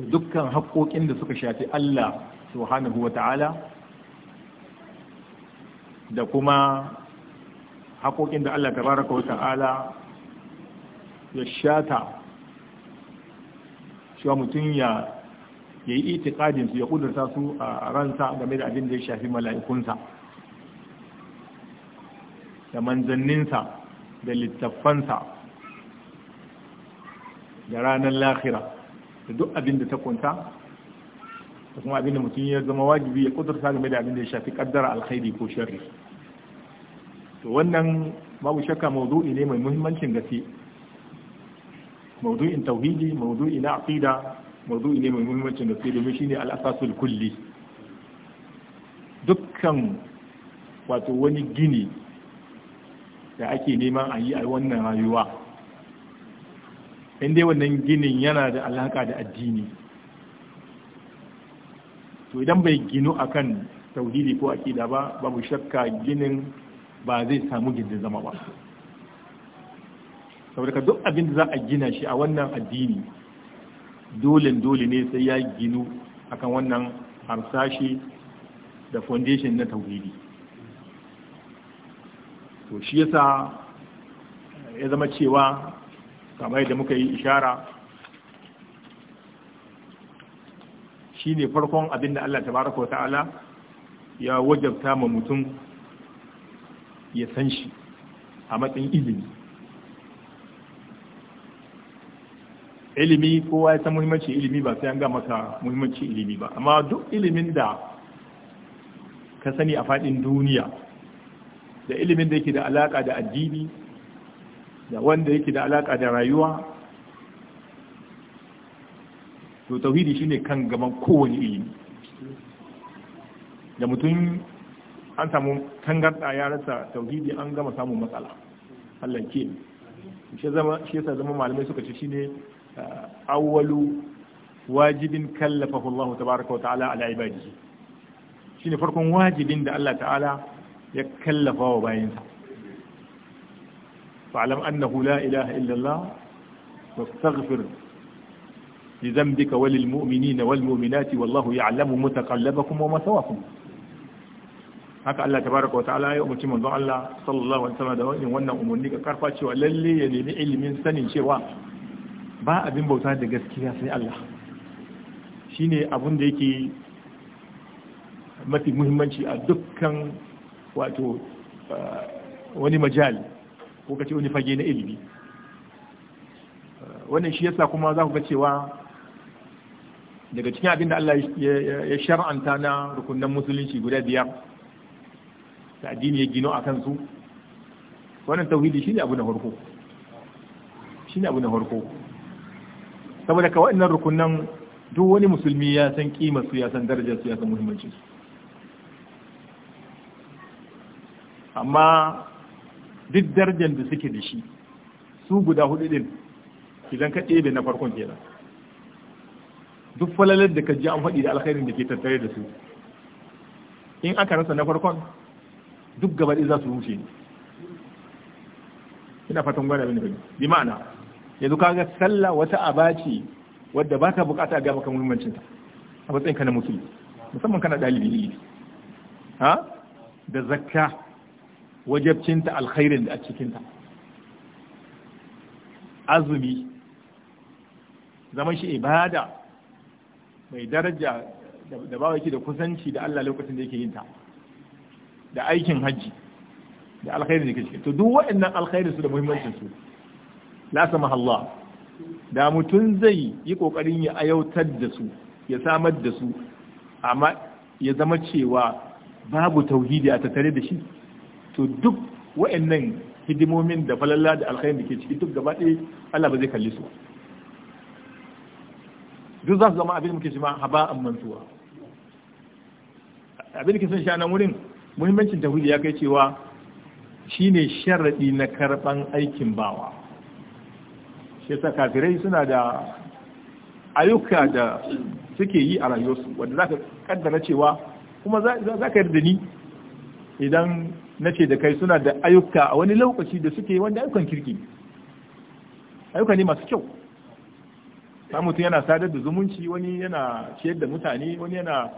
dukkan haƙoƙin da suka shafi Allah subhanahu wa ta'ala da kuma haƙoƙin da Allah tabaraka wa ta'ala ya shata cewa mutum ya ya yi itikadinsu ya kudurta su a ransa game da abin da ya shafi mala'ikunsa da manzanninsa da littafansa da ranar lahira da duk abin da ta kunta da kuma abin da mutum ya zama wajibi ya kudurta game da abin da ya shafi kaddara alkhairi ko sharri to wannan babu shakka maudu'i ne mai muhimmancin gaske maudu'in tauhidi maudu'i na aqida mazu'i ne mai muhimmancin gaske domin shine al'asasul kulli dukkan wato wani gini da ake neman a yi a wannan rayuwa inda wannan ginin yana da alaka da addini to idan bai ginu akan tauhidi ko akida ba babu shakka ginin ba zai samu gindin zama ba saboda duk abin da za a gina shi a wannan addini dolin dole ne sai ya ginu akan wannan harsashi da foundation na tauhidi to shi yasa ya zama cewa kamar yadda muka yi ishara shi ne farkon abin da Allah tabaraka wa ta'ala ya wajabta ma mutum ya san shi a matsayin izini ilimi kowa ya san muhimmanci ilimi ba sai an ga maka muhimmanci ilimi ba amma duk ilimin da ka sani a faɗin duniya da ilimin da yake da alaka da addini da wanda yake da alaka da rayuwa to tauhidi shine kan gaban kowane ilimi da mutum an samu tangarda ya rasa tauhidi an gama samun matsala Allah ke shi yasa zama malamai suka ce shine awwalu wajibin kallafahu Allah tabaraka wa ta'ala ala ibadihi shine farkon wajibin da Allah ta'ala ya kallafa wa bayinsa fa'lam annahu la ilaha illa Allah wastaghfir li dhanbika wa lil mu'minina wal mu'minati wallahu ya'lamu mutaqallabakum wa mathwakum haka Allah tabaraka wa ta'ala ya umarci manzon Allah sallallahu alaihi wasallam da wannan umarni ka karfa cewa lalle ya nemi ilimin sanin cewa ba abin bauta da gaskiya sai Allah shine abin da yake mafi muhimmanci a dukkan wato uh, wani majal ko kace wani fage na ilimi uh, wannan shi yasa kuma za ku ga cewa daga cikin abin da Allah ya shar'anta na rukunan musulunci guda biyar da addini ya gino a kansu wannan tauhidi shine abu na farko shine abu na farko saboda ka wa'annan rukunan duk wani musulmi ya san kima su ya san darajar su ya san muhimmanci su amma duk darajar da suke da shi su guda hudu din idan ka ɗebe na farkon kenan duk falalar da ka ji an faɗi da alkhairin da ke tattare da su in aka rasa na farkon duk gaba ɗaya za su rushe ne ina fatan gwada bin bi ma'ana yanzu kaga sallah wata abaci wadda ba ta bukata ga maka muhimmancin ta a matsayin ka na musulmi musamman kana dalibi ne ha da zakka wajabcinta alkhairin da a cikinta azumi zaman shi ibada mai daraja da ba yake da kusanci da Allah lokacin da yake yin ta da aikin hajji da alkhairin da yake cikin to duk waɗannan alkhairin su da muhimmancin su la Allah da mutum zai yi kokarin ya ayautar da su ya samar da su amma ya zama cewa babu tauhidi a tattare da shi to duk wa'annan hidimomin da falalla da alkhairin da ke ciki duk gaba ɗaya Allah ba zai kalli su duk za su zama abin muke shima haba an mantuwa abin da ke son sha nan wurin muhimmancin tauhidi ya kai cewa shine sharadi na karban aikin bawa shesa kafirai suna da ayyuka da suke yi a rayuwarsu wanda zaka kaddara cewa kuma za ka yarda ni idan na ce da kai suna da ayyuka a wani lokaci da suke wanda ayyukan kirki ayyuka ne masu kyau ta mutum yana sadar da zumunci wani yana ciyar da mutane wani yana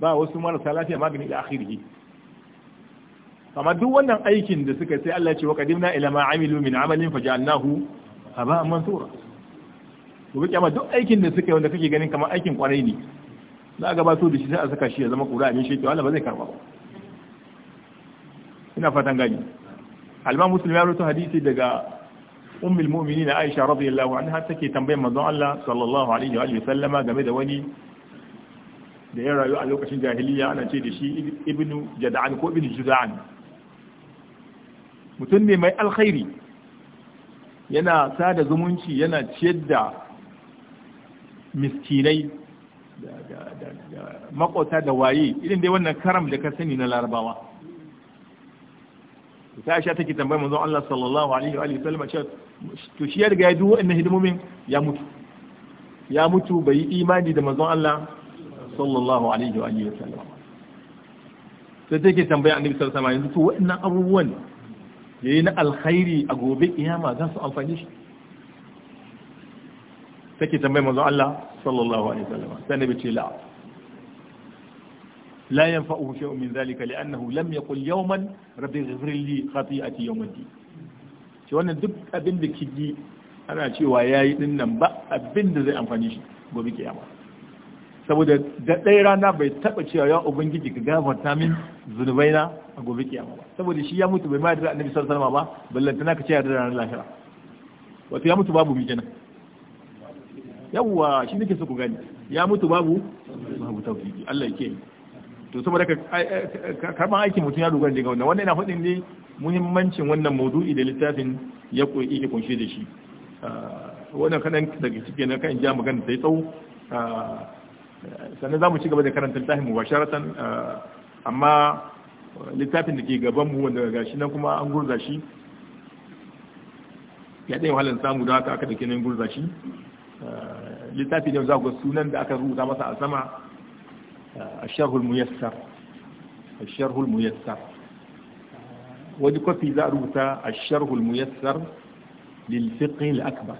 ba wasu marasa lafiya magani da akhirhi amma duk wannan aikin da suka sai Allah ya ce wa qadimna ila ma amilu min amalin faj'alnahu haba mansura gobe kyama duk aikin da suka yi wanda kake ganin kamar aikin kwarai ne za a gabato da shi sai a saka shi ya zama kura abin shekewa Allah ba zai karba ba ina fatan gani alma muslim ya rubuta hadisi daga ummul mu'minin Aisha radiyallahu anha take tambayar manzon Allah sallallahu alaihi wa sallama game da wani da ya rayu a lokacin jahiliya ana ce da shi ibnu jad'an ko ibnu juda'an mutum ne mai alkhairi yana sada zumunci yana ciyar da miskinai da makwata da waye irin dai wannan karam da ka sani na larabawa ta sha take tambayar manzon Allah sallallahu alaihi wa sallam cewa to shi ya riga ya duk wannan hidimomin ya mutu ya mutu bai yi imani da manzon Allah sallallahu alaihi wa sallam sai take tambaya annabi sallallahu alaihi wa sallam yanzu to waɗannan abubuwan ya yi na alkhairi a gobe iyama za su amfani shi take tambayi manzo Allah sallallahu alaihi wasallam sai nabi ce la la yanfa'uhu shay'un min zalika li'annahu lam yaqul yawman rabbi ighfir li khati'ati yawmiddin shi wannan duk abin da kiji ana cewa ya yi dinnan ba abin da zai amfani shi gobe kiyama saboda da ɗaya rana bai taɓa cewa ya ubangiji ka gafarta min zunubai na a gobe kiyama ba saboda shi ya mutu bai ma da annabi sallallahu alaihi wasallam ba ballanta ka ce yarda ranar lahira wato ya mutu babu mijina yawwa shi nake so ku gani ya mutu babu babu tauhidi Allah yake to saboda ka karban aikin mutum ya dogara daga wannan wannan yana faɗin ne muhimmancin wannan maudu'i da littafin ya koyi kunshe da shi ah, wannan kadan daga cikin na kan ja magana sai tsawo ah, sannan za mu ci gaba da karanta littafin mu basharatan eh, amma littafin da ke gaban mu wanda ga shi nan kuma an gurza shi ya ɗaya wahalar samu da haka aka da kenan gurza shi eh, littafin yau za ku sunan da aka rubuta masa a sama eh, a sharhul muyassar a sharhul muyassar wani kwafi za a rubuta a sharhul muyassar lil fiqhil akbar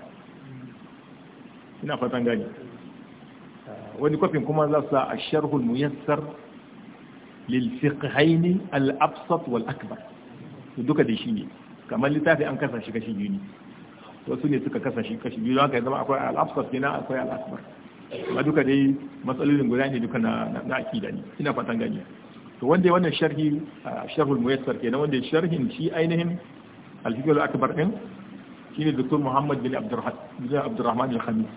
ina fatan gani wani kwafin kuma za su a sharhul muyassar lil fiqhaini al absat wal akbar duka da shi ne kamar littafi an kasa shi kashi biyu wasu ne suka kasa shi kashi biyu don haka ya zama akwai al absat kenan akwai al akbar amma duka dai matsalolin guda ne duka na na akida ne ina fatan gani to wanda ya wannan sharhi sharhul muyassar kenan wanda sharhin shi ainihin al fiqhul akbar din shine dr muhammad bin abdurrahman bin abdurrahman al khamis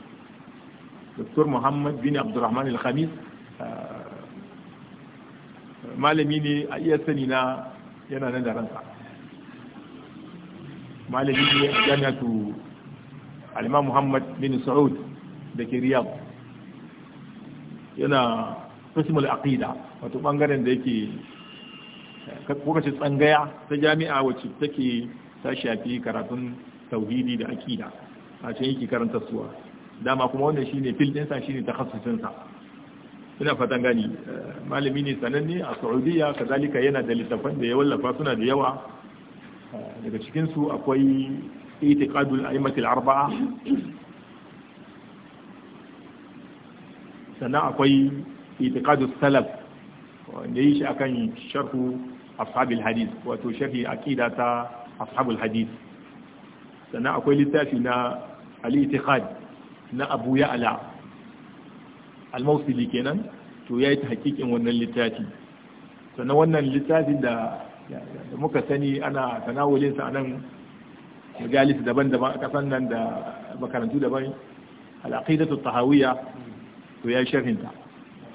Dr. Muhammad bin Abdulrahman Al-Khamis eh, malami ne a iya sani na yana nan da ransa malami ne yana jami'atu alima Muhammad bin Saud da ke Riyadh yana fasimul aqida wato bangaren da yake eh, kuka tsangaya ta jami'a wacce take ta shafi karatun tauhidi da aqida a can yake karanta suwa dama kuma wannan shine fil ɗinsa shine takhassusinsa ina fatan gani malami ne sananne a Saudiya kazalika yana da littafan da ya wallafa suna da yawa daga cikin su akwai itiqadul a'immat arbaa sannan akwai itiqadus salaf wanda yi shi akan sharhu ashabul hadith wato sharhi aqida ta ashabul hadith sannan akwai littafi na al-itiqad na abu ya ala almausili kenan to ya yi ta hakikin wannan littafi sannan wannan littafin da muka sani ana tanawulinsa a nan majalis daban-daban a kasan nan da makarantu daban al'aqidatu tahawiyya to ya sharhin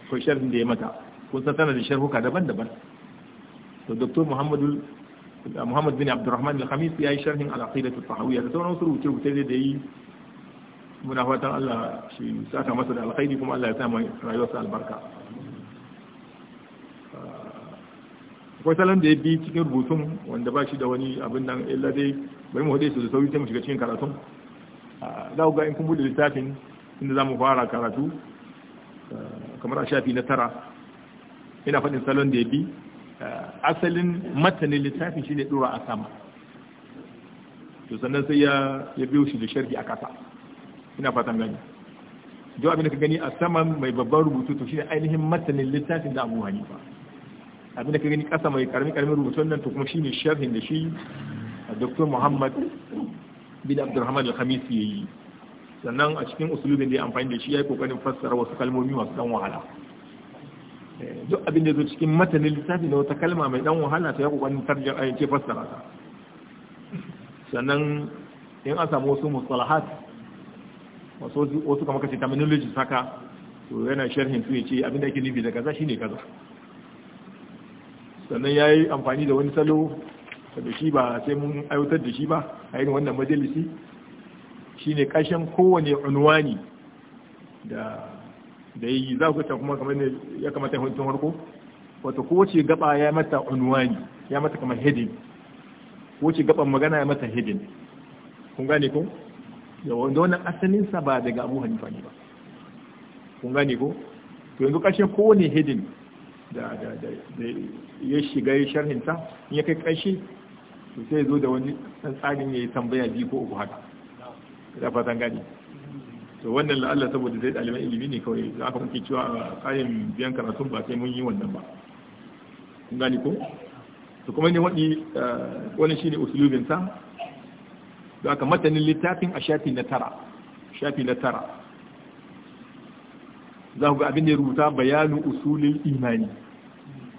ko sharhin da ya mata kun san tana da sharhuka daban-daban to dr muhammadu muhammad bin abdurrahman al-khamis ya yi sharhin al'aqidatu tahawiyya da sauran su rubuce-rubuce da yi muna fatan Allah shi saka masa da alkhairi kuma Allah ya sa mai rayuwarsa albarka akwai salon da ya bi cikin rubutun wanda ba shi da wani abin nan illa dai bai mu hade su da sauri sai mu shiga cikin karatun za ku ga in kun bude littafin inda za mu fara karatu kamar a shafi na tara ina faɗin salon da ya bi asalin matanin littafin shine ɗora a sama to sannan sai ya biyo shi da sharhi a kasa ina fatan gani duk abin da ka gani a saman mai babban rubutu to shine ainihin matanin littafin da Abu Hanifa abin da ka gani kasa mai karami karamin rubutun nan to kuma shine sharhin da shi Dr. Muhammad bin Abdulrahman Al-Khamisi yayi sannan a cikin usulubin da ya amfani da shi yayi kokarin fassara wasu kalmomi masu dan wahala eh, duk abin da zo cikin matanin littafi da wata kalma mai dan wahala ta ya kokarin tarjar ayin ce fassara ta sannan in an samu wasu mustalahat wasu kama kashe terminologies haka saka to yana sharhin su yace ce abinda ake nufi da kaza shine kaza sannan ya yi amfani da wani salo da shi ba sai mun aiwatar da shi ba a yi wannan majalisi ne kashen kowane unwani da da yi za ku ta kuma kamar ne ya kamata hutun harko wata kowace gaba ya mata unwani ya mata kamar heading kowace gaban magana ya mata heading kun gane ko da wanda wannan asalin sa ba daga Abu Hanifa ne ba kun gani ko to yanzu kashe kowane hidin da ya shiga ya sharhinta in ya kai kashe to sai zo da wani dan tsarin ya yi tambaya biyu ko uku haka da fatan gani to wannan la'alla saboda zai ɗaliban ilimi ne kawai za ka muke cewa a kayan biyan karatun ba sai mun yi wannan ba kun gani ko to kuma eh, ne wani wani shine usulubinsa da aka matanin littafin a shafi na tara shafi na tara za ku ga abin da ya rubuta bayanu usulin imani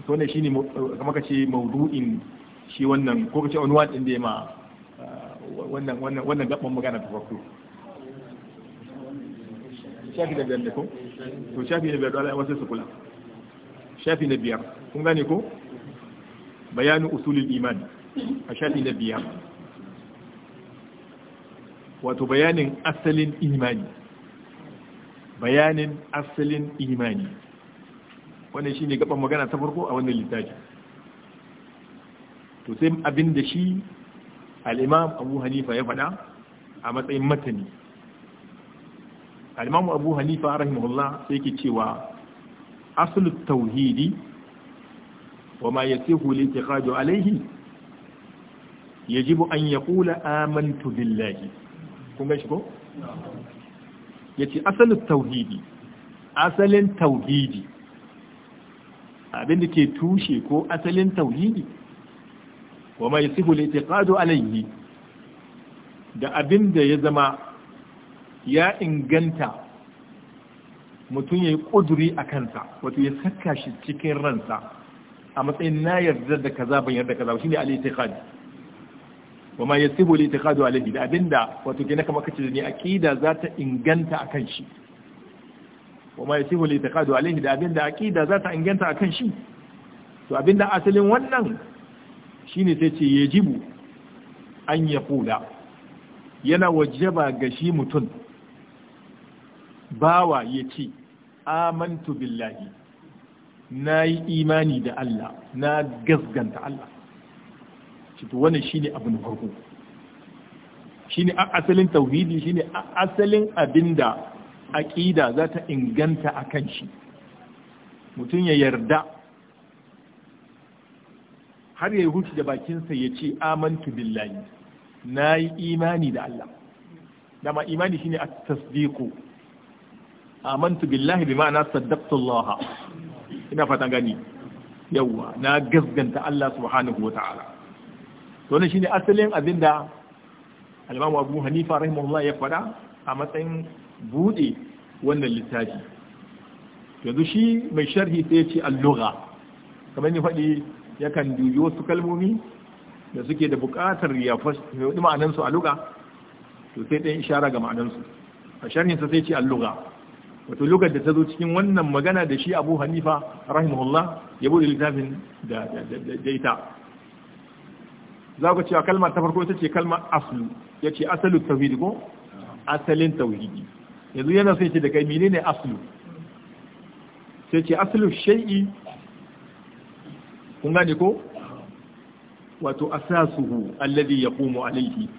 to ne shine kamar kace mawdu'in shi wannan ko kace unwan din da ya ma uh, wannan wannan wannan gaban magana ta farko shafi na biyar ne ko to shafi na biyar dole wasu su kula shafi na biyar kun gane ko bayanu usulin imani a shafi na biyar wato bayanin asalin imani bayanin asalin imani wannan shine gaban magana ta farko a wannan littafi to sai abin da shi al Abu Hanifa ya faɗa a matsayin matani al Abu Hanifa rahimahullah sai ke cewa aslu tauhidi wa ma yasihu alaihi ya ji yajibu an yaqula amantu billahi kun gaishe ko ce asalin tauhidi asalin tauhidi abin ke tushe ko asalin tauhidi wa mai siful itiqadu alayhi da abin da ya zama ya inganta mutum ya yi ƙuduri a kansa wato ya saka shi cikin ransa a matsayin na yarda da kaza ban yarda kaza shi shine al-itiqad wa ma yasihu li itiqadu alayhi da abinda wato kina kamar kace ne aqida za ta inganta akan shi wa ma yasihu li itiqadu alayhi da abinda aqida za ta inganta akan shi to abinda asalin wannan shine sai ce yajibu an yaqula yana wajaba ga shi mutun bawa yace amantu billahi na yi imani da Allah na gasganta Allah shi to wannan shi ne na farko shine asalin tauhidi shine asalin abinda aqida za ta inganta akan shi mutum ya yarda har ya huci da bakinsa ya ce amantu billahi na yi imani da Allah dama imani ne a tasdiqu amantu billahi bi ma'ana saddaqtu Allah ina fatan gani yawa na gasganta Allah subhanahu wa ta'ala to shi shine asalin abin da al Abu Hanifa rahimahullah ya faɗa a matsayin buɗe wannan littafi yanzu shi mai sharhi sai ce al kamar ni faɗi yakan juyo wasu kalmomi da suke da buƙatar ya faɗi ma'anansu a to sai ɗan ishara ga ma'anansu a sharhinsa sai ce al wato lugar da ta zo cikin wannan magana da shi Abu Hanifa rahimahullah ya buɗe littafin da ita za ku cewa kalmar ta farko ita ce kalmar aslu ya ce asalu tauhidi ko asalin tauhidi yanzu yana sai ce da kai menene aslu sai ce aslu shay'i kun gane ko wato asasuhu alladhi yaqumu alayhi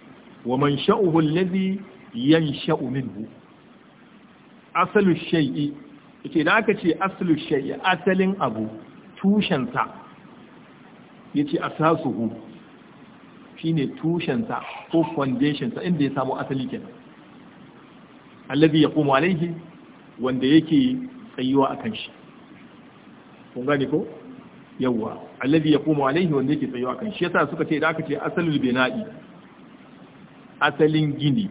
wa man sha'uhu alladhi yansha'u minhu asalu shay'i yace da aka ce aslu shay'i asalin abu tushensa yace asasuhu shine tushensa ko foundationsa inda ya samu asali kenan ya yaqumu alayhi wanda yake tsayuwa akan shi kun gane ko yawa ya yaqumu alayhi wanda yake tsayuwa akan shi yasa suka ce idan aka ce asalul bina'i asalin gini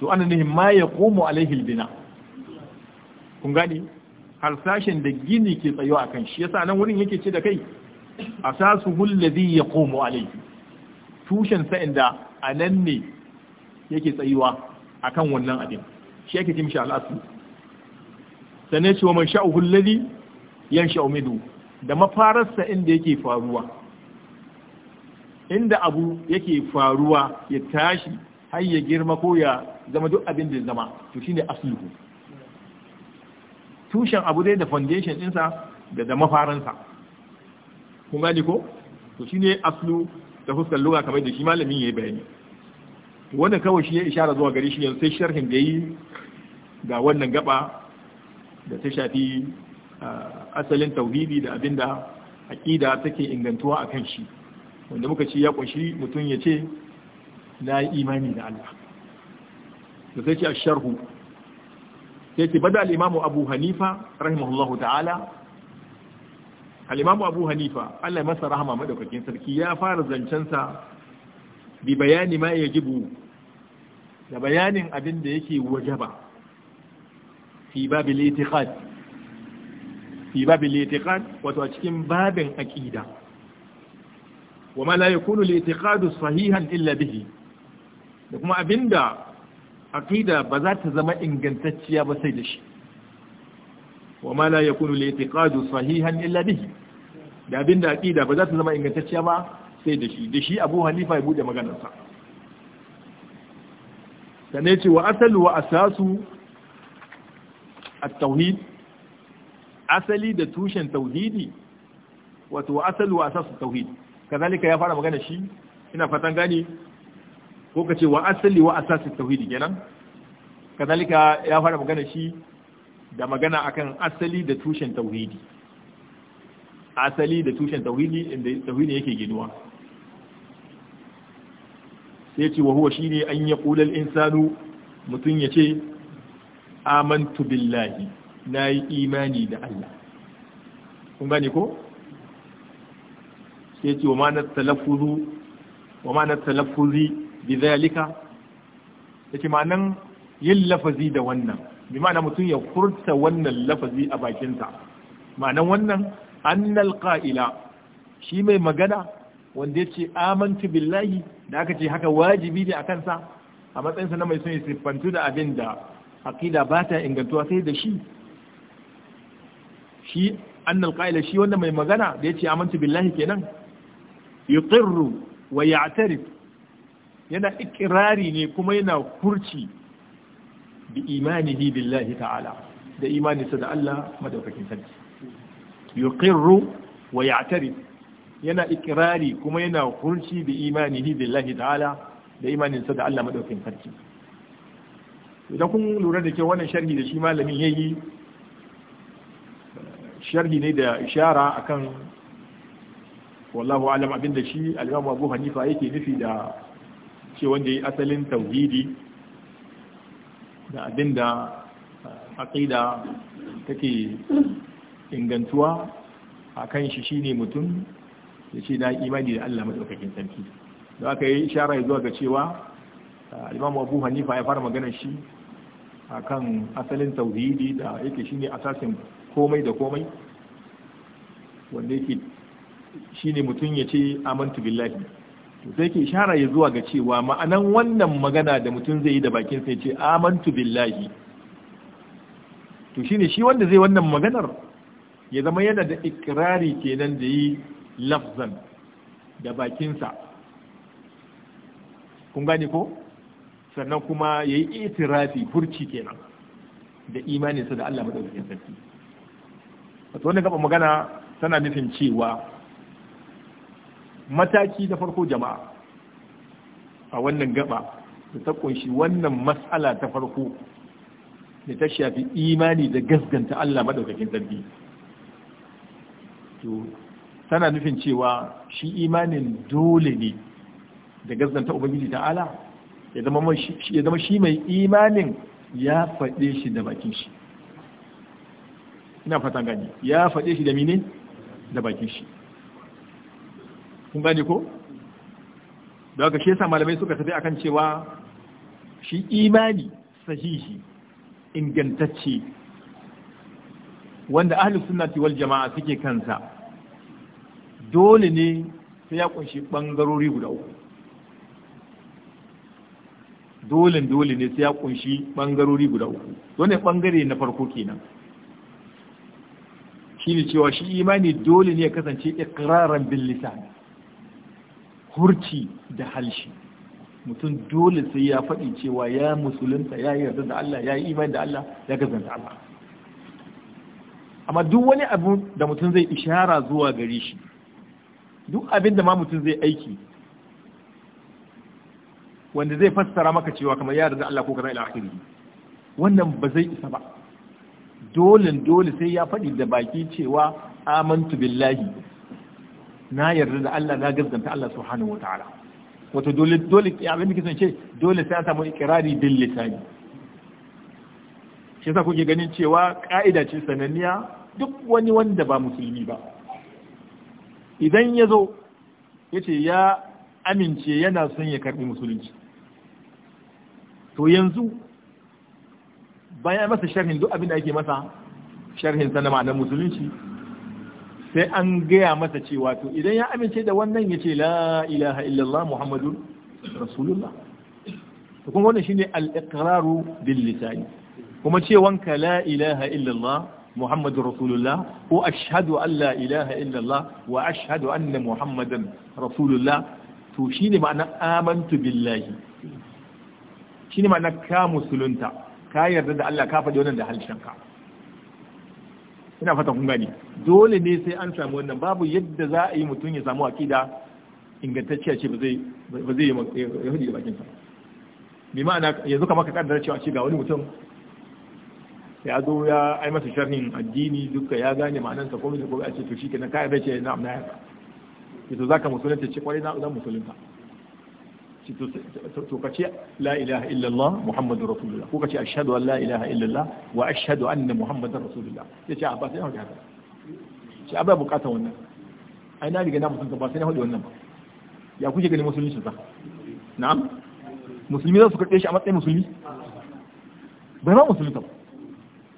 to ana ne ma yaqumu alayhi albina kun gane harsashin da gini ke tsayuwa akan shi yasa nan wurin yake ce da kai asasuhu alladhi yaqumu alayhi tushen da a nan ne yake tsayuwa kan wannan abin shi yake jimshi al'asu ne cewa man hulladi yan sha’u mido da mafararsa inda yake faruwa inda abu yake faruwa ya tashi har ya girma ko ya zama duk abin da zama to shi ne asluhu tushen abu dai da foundation ɗinsa da da mafaransa kuma gani ko to shi ne aslu ta fuskar lugha kamar da shi malamin ya yi bayani wannan kawai shi ya ishara zuwa gari shi yanzu sai sharhin da yi ga wannan gaba da ta shafi asalin tauhidi da abin da aqida take ingantuwa kan shi wanda muka ce ya kunshi mutum ya ce na yi imani da Allah da sai ce a sharhu sai ce bada al abu hanifa rahimahullahu ta'ala al abu hanifa Allah masa rahama madaukakin sarki ya fara zancensa bi bayani ma yajibu da bayanin abin da yake wajaba fi babil itiqad fi babil itiqad wato a cikin babin aqida wama la yakunu al-itiqad sahihan illa bihi da kuma abinda aqida ba za ta zama ingantacciya ba sai da shi wa ma la yakunu itiqadu sahihan illa bihi da abinda aqida ba za ta zama ingantacciya ba sai da shi da shi Abu Hanifa ya bude maganar sa sanai ce wa asalu wa asasu at-tauhid asali da tushen tauhidi wato wa asalu wa asasu tauhid kazalika ya fara magana shi ina fatan gani ko kace wa asali wa asasu tauhidi kenan kazalika ya fara magana shi da magana akan asali da tushen tauhidi asali da tushen tauhidi inda tauhidi yake ginuwa sai ce wa huwa shine an ya kulal insanu mutum ya ce amantu billahi na yi imani da Allah kun gane ko sai ce wa ma na talaffuzu wa ma talaffuzi bi zalika yace ma nan yin lafazi da wannan bi ma'ana mutum ya furta wannan lafazi a bakinsa ma'anan wannan annal qa'ila shi mai magana wanda ya ce amantu billahi da aka ce haka wajibi ne a kansa a matsayinsa na mai son ya siffantu da abin da aqida ba ta ingantuwa sai da shi shi annal qa'ila shi wanda mai magana da ya ce amantu billahi kenan yuqirru wa ya'tarif yana ikirari ne kuma yana furci bi imanihi billahi ta'ala da imaninsa da Allah madaukakin sarki yuqirru wa ya'tari yana ikirari kuma yana hurci bi imanihi billahi ta'ala da imaninsa da Allah madaukakin sarki idan kun lura da ke wannan sharhi da shi malamin yayi sharhi ne da ishara akan wallahu alam abinda shi al'amma Abu Hanifa yake nufi da ce wanda yi asalin tauhidi da abin da eh, aƙida take ingantuwa a kan shi ne mutum da ce na imani da Allah matsaukakin sarki da aka yi ya zuwa ga cewa alimamu eh, abu hanifa ya fara maganar shi a kan asalin tauhidi da yake ne asasin komai da komai wanda yake ne mutum ya ce amantu billahi to sai ke ishara ya zuwa ga cewa ma'anan wannan magana da mutum zai yi da bakin sai ce amantu billahi to shine shi wanda zai wannan maganar ya zama yana da ikrari kenan da yi lafzan da bakinsa kun gane ko sannan kuma ya yi itirafi furci kenan da imaninsa da Allah madaukakin sarki wato wannan gaba magana tana nufin cewa mataki da farko jama'a a wannan gaba da ta kunshi wannan matsala ta farko da ta shafi imani da gasganta Allah madaukakin sarki to tana nufin cewa shi imanin dole ne da gasganta ubangiji ta'ala ya zama shi mai imanin ya faɗe shi da bakin shi ina fata gani ya faɗe shi da mine da bakin shi kun gane ko da haka shi yasa malamai suka tafi akan cewa shi imani sahihi ingantacce wanda ahlus sunnati wal jama'a suke kansa dole ne sai ya kunshi bangarori guda uku dole dole ne sai ya kunshi bangarori guda uku wannan bangare na farko kenan shi ne cewa shi imani dole ne ya kasance ikraran bil lisan hurci da halshi mutum dole sai ya faɗi cewa ya musulunta ya yarda da Allah ya yi imani da Allah ya gazanta Allah amma duk wani abu da mutum zai ishara zuwa gare shi duk abin da ma mutum zai aiki wanda zai fassara maka cewa kamar ya yarda Allah ko kaza ila akhiri wannan ba zai isa ba dole dole sai ya faɗi da baki cewa amantu billahi na yarda da Allah na gaskanta Allah subhanahu wataala wato dole dole abin da kike ce dole sai an samu ikirari bil lisani shi yasa kuke ganin cewa ƙa'ida ce sananniya duk wani wanda ba musulmi ba idan ya zo ya ce ya amince yana son ya karɓi musulunci to yanzu bayan masa sharhin duk abin da ake masa sharhin sana ma'anar musulunci sai an gaya masa cewa to idan ya amince da wannan ya ce la ilaha illallah muhammadun rasulullah to kuma wannan shine al-iqraru bil lisan kuma cewanka la ilaha illallah muhammadun rasulullah ko ashhadu an la ilaha illallah wa ashhadu anna muhammadan rasulullah to shine ma'ana amantu billahi shine ma'ana ka musulunta ka yarda da Allah ka faɗi wannan da halshenka ina fata kun gani dole ne sai an samu wannan babu yadda za a yi mutum ya samu akida ingantacciya ce ba zai ba zai yahudi da bakin sa bi ma'ana yanzu kamar ka kaddara cewa ce ga wani mutum ya zo ya ai masa sharhin addini duka ya gane ma'anar sa komai da komai a ce to shi kenan ka bai ce na amna ya yarda to zaka musulunta ce kwarai na zan musulunta to ce la illallah rasulullah ce an la ilaha illallah wa ashhadu anna muhammadan rasulullah a haka bukatar wannan ai na riga na musulunta wannan ba ya kuke na'am musulmi za su shi a matsayin musulmi bai ma musulunta ba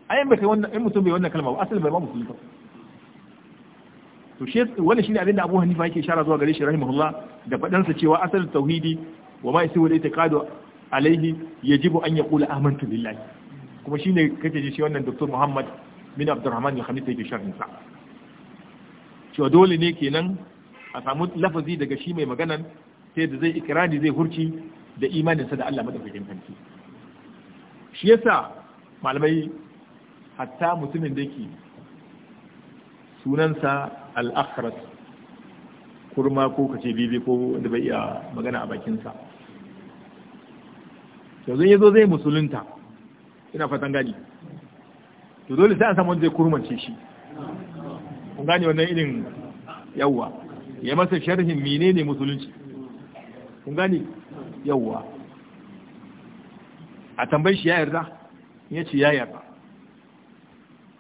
ai bai kai wannan in mutum bai wannan kalma ba asali bai ma musulunta ba to shi wannan shine abin da Abu Hanifa yake shara zuwa gare shi rahimahullah da fadan sa cewa asal tauhidi wa ma yasihu al taqadu alaihi yajibu an yaqula amantu billahi kuma shine kace ji shi wannan Dr. Muhammad bin Abdurrahman al-Khamis yake sharhin sa cewa dole ne kenan a samu lafazi daga shi mai maganan sai da zai ikrari zai hurci da imanin sa da Allah madaukakin sarki shi yasa malamai hatta mutumin da yake sunansa al-akhras kurma ko kace bibi ko wanda bai iya magana a bakinsa yanzu ya zo zai musulunta ina fatan gani to dole sai an samu wanda zai kurmance shi kun gani wannan irin yawwa ya masa sharhin menene musulunci kun gani yawwa a tambayi shi ya yarda ya ce ya yarda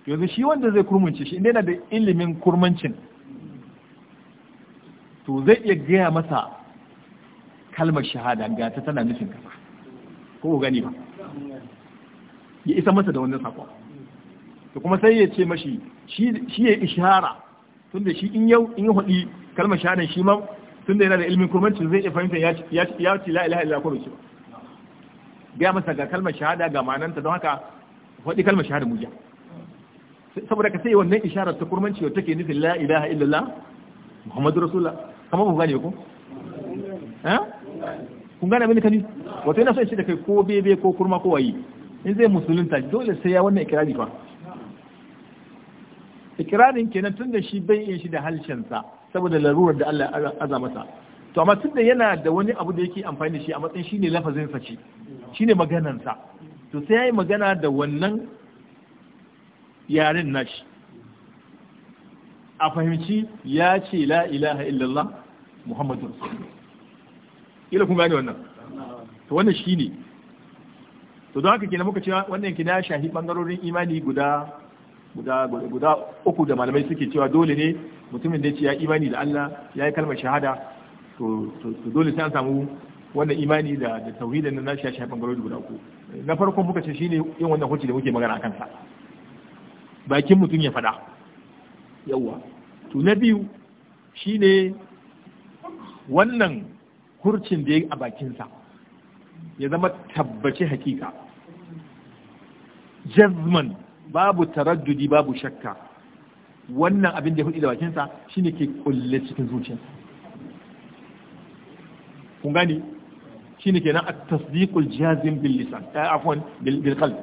yanzu shi wanda zai kurmance shi inda yana da ilimin kurmancin to zai iya gaya masa kalmar shahada ga ta tana nufin kafa ko gani ba ya isa masa da wannan sakon to kuma sai ya ce mashi shi ya ishara da shi in yau in hudi kalmar shahada shi ma da yana da ilmin kurmanci zai iya fahimta ya ce la ila, illa ko ce gaya masa ga kalmar shahada ga mananta don haka hudi kalmar shahada mujiya saboda ka sai wannan isharar ta kurmanci wata take nufin la ilaha illallah muhammadu rasulullah kamar ku gane ku eh gane abin da kani wato yana so in ce da kai ko bebe ko kurma ko wayi in zai musulunta dole sai ya wannan ikirari fa ikirarin kenan tun da shi bai yin shi da sa saboda larurar da Allah ya aza masa to amma tun da yana da wani abu da yake amfani da shi a matsayin shine lafazin sa ce shine sa to sai yayi magana da wannan yaren nashi a fahimci ya ce la ilaha illallah muhammadu rasulullah ila kun gane wannan to wannan shi ne. to don haka kenan muka cewa wannan kina ya shahi bangarorin imani guda guda guda uku da malamai suke cewa dole ne mutumin da ya ce ya imani da Allah ya yi kalmar shahada to dole sai an samu wannan imani da da tauhidin nan nashi ya shahi bangarori guda uku na farkon muka ce shine yin wannan hujji da muke magana akan sa bakin mutum ya fada yawa to na biyu shine wannan hurcin da ya a bakinsa ya zama tabbaci hakika jazman babu taraddudi babu shakka wannan abin da ya hudu da bakinsa shine ke kulle cikin zuciya kun gani shine kenan a tasdiqul jazim bil lisan eh, afwan bil qalb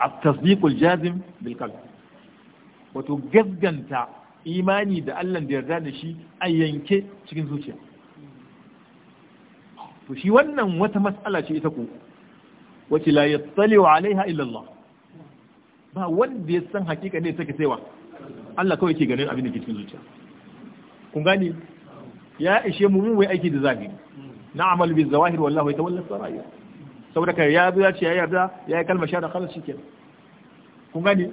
at-tasdiqul jazim bil qalb wato gagganta imani da Allah da yarda da shi a yanke cikin zuciya to shi wannan wata mas'ala ce ita ko wace la yattali'u alaiha illa Allah ba wanda ya san hakika ne take saiwa Allah kawai ke ganin abin da ke cikin zuciya kun gani ya ishe mu mun wai aiki da zahiri na'amalu bil zawahir wallahu yatawalla sarayya saboda kai ya zo ya ce ya yarda ya yi shada shahada khalas shikenan kun gani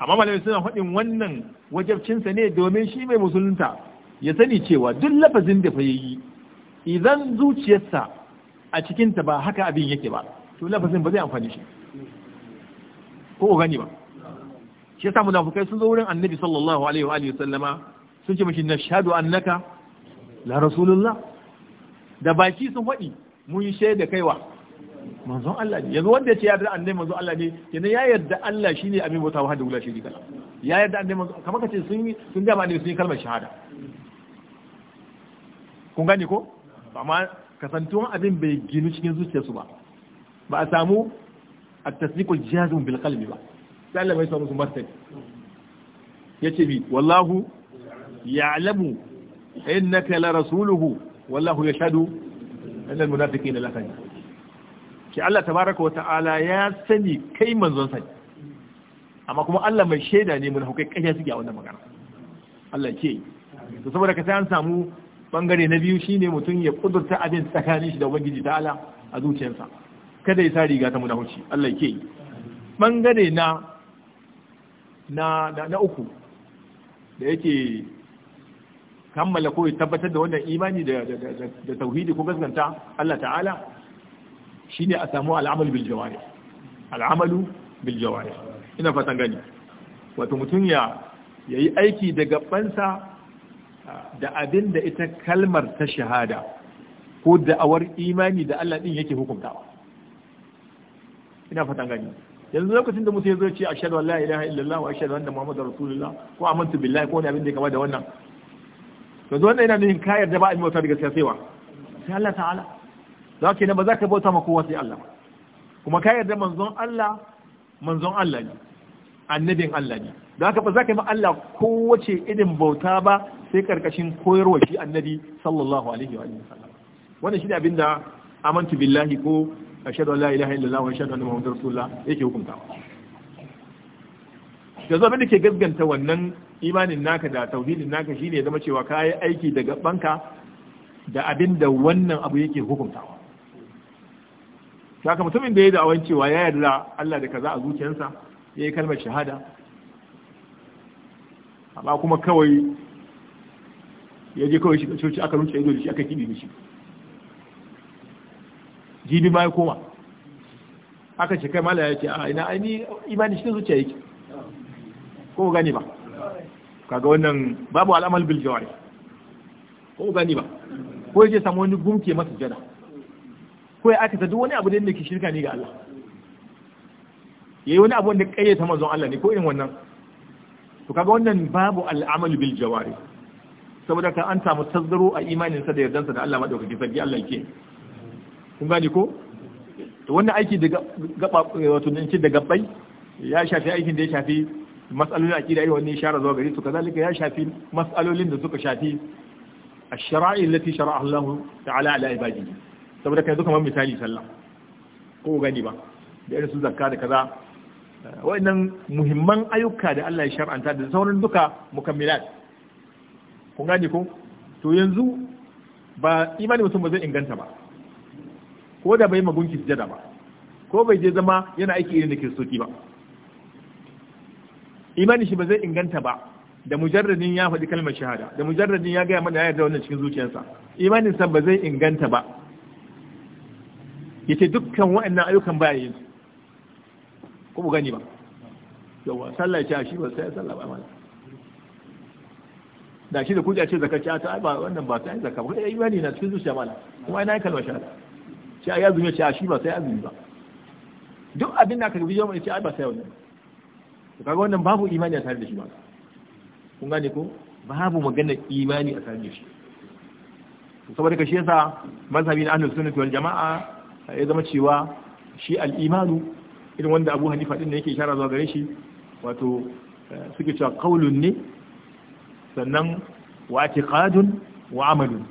amma malamai suna faɗin wannan wajabcinsa ne domin shi mai musulunta ya sani cewa duk lafazin da fa yi idan zuciyarsa a cikinta ba haka abin yake ba to lafazin ba zai amfani shi ko gani ba shi yasa munafukai sun zo wurin annabi sallallahu alaihi wa sallama sun ce mishi nashhadu annaka la rasulullah da baki sun faɗi mun shaida kaiwa manzon Allah ne yanzu wanda ya ce ya yarda annabi manzon Allah ne kenan ya yarda Allah shine abin bauta wa hadu shi kala ya yarda annabi manzon kamar kace sun yi sun ga annabi sun yi kalmar shahada kun gane ko amma kasantuwan abin bai ginu cikin zuciyarsu ba ba a samu at-tasdiqul jazm bil qalbi ba sai Allah bai samu su martani yace bi wallahu ya'lamu innaka la rasuluhu wallahu yashhadu innal munafiqina la kadhib ke Allah tabaraka wa ta'ala ya sani kai manzon sani amma kuma Allah mai shaida ne mun hukai kashi suke a wannan magana Allah ke to saboda ka sai an samu bangare na biyu shine mutum ya kudurta abin tsakanin shi da ubangiji ta'ala a zuciyarsa kada ya sa riga ta munafuci Allah ke bangare na na na uku da yake kammala ko ya tabbatar da wannan imani da tauhidi ko gaskanta Allah ta'ala shine a samu al'amalu bil jawarih al'amalu bil jawarih ina fatan gani Wata mutum ya yi aiki da gabansa da abin da ita kalmar ta shahada ko da'awar imani da Allah ɗin yake hukumtawa. ina fatan gani yanzu lokacin da mutum ya zo ce ashhadu an la ilaha illallah wa ashhadu anna muhammadar rasulullah ko amantu billahi ko wani abin da ya kama da wannan yanzu wannan yana nufin ka da ba a yi mota daga gaskiya sai sai Allah ta'ala za ka ba za ka bauta ma kowa sai Allah kuma ka yarda manzon Allah manzon Allah ne annabin Allah ne da haka ba za ka yi ma Allah kowace irin bauta ba sai karkashin koyarwa shi annabi sallallahu alaihi wa sallam wannan shi ne abin da amantu billahi ko ashhadu an la ilaha illallah wa ashhadu anna muhammadar rasulullah yake hukuntawa da zo da ke gaskanta wannan imanin naka da tauhidin naka shine ya zama cewa ka yi aiki daga banka da abin da wannan abu yake hukuntawa saka mutumin da ya da awan cewa ya yarda Allah da kaza a zuciyarsa ya yi kalmar shahada amma kuma kawai ya je kawai shi da coci aka rufe ido da shi aka kibi da shi jibi ma ya koma aka ce kai mala ya ce a ina aini imani shi zuciya yake ko gani ba kaga wannan babu al'amal bil jawari ko gani ba ko ya je samu wani gumke masa jada ko ya aikata duk wani abu da yake shirka ne ga Allah yayi wani abu wanda kayyata manzon Allah ne ko irin wannan to kaga wannan babu al'amalu bil jawari saboda ka an samu tazzaro a imanin sa da yardansa da Allah madaukaki sarki Allah yake kun gani ko to wannan aiki da gaba wato nan ce daga gabbai ya shafi aikin da ya shafi mas'alolin aqida irin wannan ishara zuwa gari to kazalika ya shafi mas'alolin da suka shafi الشرائع التي شرعها الله تعالى على عباده saboda kai duka man misali sallah ko gani ba da irin su zakka da kaza wa'annan muhimman ayyuka da Allah ya shar'anta da sauran duka mukammilat Ko gane ko to yanzu ba imani mutum ba zai inganta ba ko da bai magunki sujada ba ko bai je zama yana aiki irin da kiristoci ba imani shi ba zai inganta ba da mujarradin ya faɗi kalmar shahada da mujarradin ya gaya mana ya yarda wannan cikin zuciyarsa imanin sa ba zai inganta ba yace dukkan waɗannan ayyukan baya yin ko bu gani ba yawa sallah ce shi ba sai sallah ba mana da shi da kuɗi a ce zakar ta ta ba wannan ba sai zakka ba yi wani na cikin zuciya mala kuma ina kalma shahada shi a yazumi ce a shi ba sai azumi ba duk abin da aka rubi yau mai ce ai ba sai wannan to kaga wannan babu imani a tare da shi ba kun gane ko babu maganar imani a tare da shi saboda ka shi yasa mazhabin ahlus sunnah wal jama'a ya zama cewa shi al'imanu irin wanda abu hanifa ɗin da yake shara zuwa gare shi wato eh, suke cewa kaulun ne sannan wa ƙadun wa amalun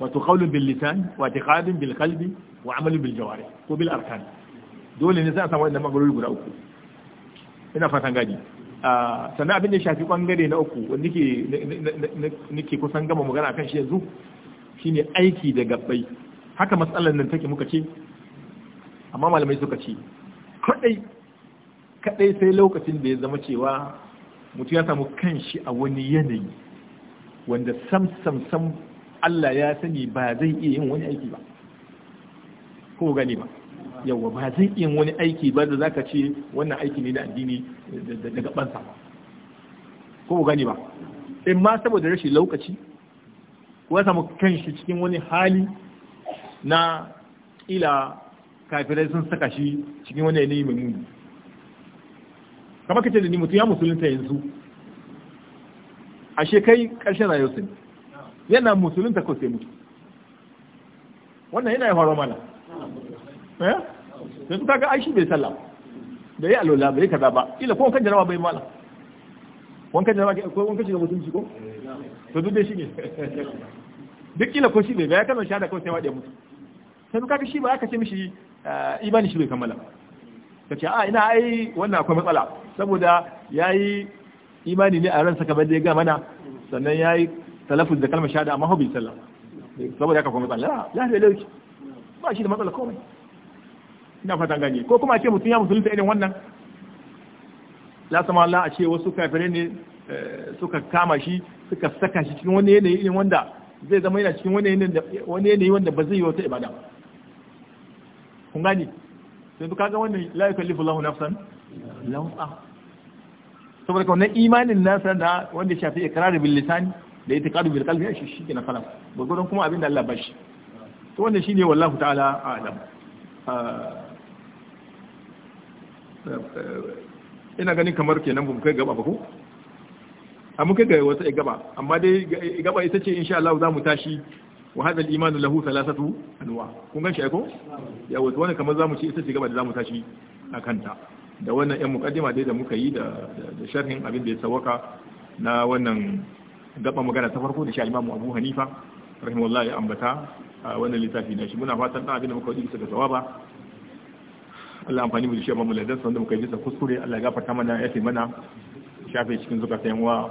wato kaulun bil lisan wa atiqadun bil qalbi wa amalun bil jawari ko bil arkan dole ne za a samu wannan magarori guda uku ina fatan gaji, ah, sannan abin da ya shafi bangare na uku wanda nake kusan gama magana kan shi yanzu shine aiki da gabbai haka matsalar nan take muka ce amma malamai suka ce kadai kadai sai lokacin da ya zama cewa mutum ya samu kanshi a wani yanayi wanda sam sam sam Allah ya sani ba zai iya yin wani aiki ba ko gani ba yawa ba zai iya yin wani aiki ba da zaka ce wannan aiki ne na addini daga bansa ba ko gani ba in ma saboda rashin lokaci ko ya samu kanshi cikin wani hali na ila kafirai sun saka shi cikin wani yanayi mai muni kamar kace da ni mutum ya musulunta yanzu ashe kai karshen rayuwarsa ne yana musulunta ko sai mutu wannan yana yi horo mana eh yanzu kaga aishi bai sallah da ya alola bai kaza ba ila ko kan jarawa bai mala wankan jarawa ko wankan da mutunci ko to duk dai shi ne (laughs) duk ila ko shi bai ya kana shahada ko sai wade mutu sai kaga shi ba aka ce mishi ah, imani shi bai kammala ka ce a ah, ina ai wannan akwai matsala saboda yayi imani ne a ran saka da ya ga mana sannan yayi talaffuz da kalmar shahada amma hobi sallah saboda aka akwai matsala ah, la la lauki ba shi da matsala komai ina fatan gani ko kuma a ce mutum ya musulunta irin wannan la sama Allah a ce wasu kafirai ne eh, suka kama shi suka saka shi cikin wani yanayi irin wanda zai zama yana cikin wani yanayi wanda ba zai yi wata ibada ba kun gani sai ka ga wannan la yukallifu Allahu nafsan illa wus'aha saboda kuma imanin nasa da wanda shafi ikrar bil lisan da kadu bil qalbi shi shi kenan kalam gurgurun kuma abinda Allah ba shi to wannan shine wallahu ta'ala a'lam ina ganin kamar kenan bu mu kai gaba ba ko Amma kai ga wata gaba amma dai gaba ita ce insha Allah za mu tashi wa hadha al-iman lahu thalathatu anwa kun ganshi aiko ya wato wannan kamar zamu ci ita ce gaba da zamu tashi a kanta da wannan yan mukaddima dai da muka yi da da sharhin abin da ya sawaka na wannan gaba magana ta farko da shi al Abu Hanifa rahimahullah ya ambata wannan littafi na shi muna fatan da abin da muka yi bisa ga sawaba Allah amfani mu da shi ba mu ladan sanda muka yi bisa kuskure Allah ya gafarta mana ya yafe mana shafe cikin zukatan wa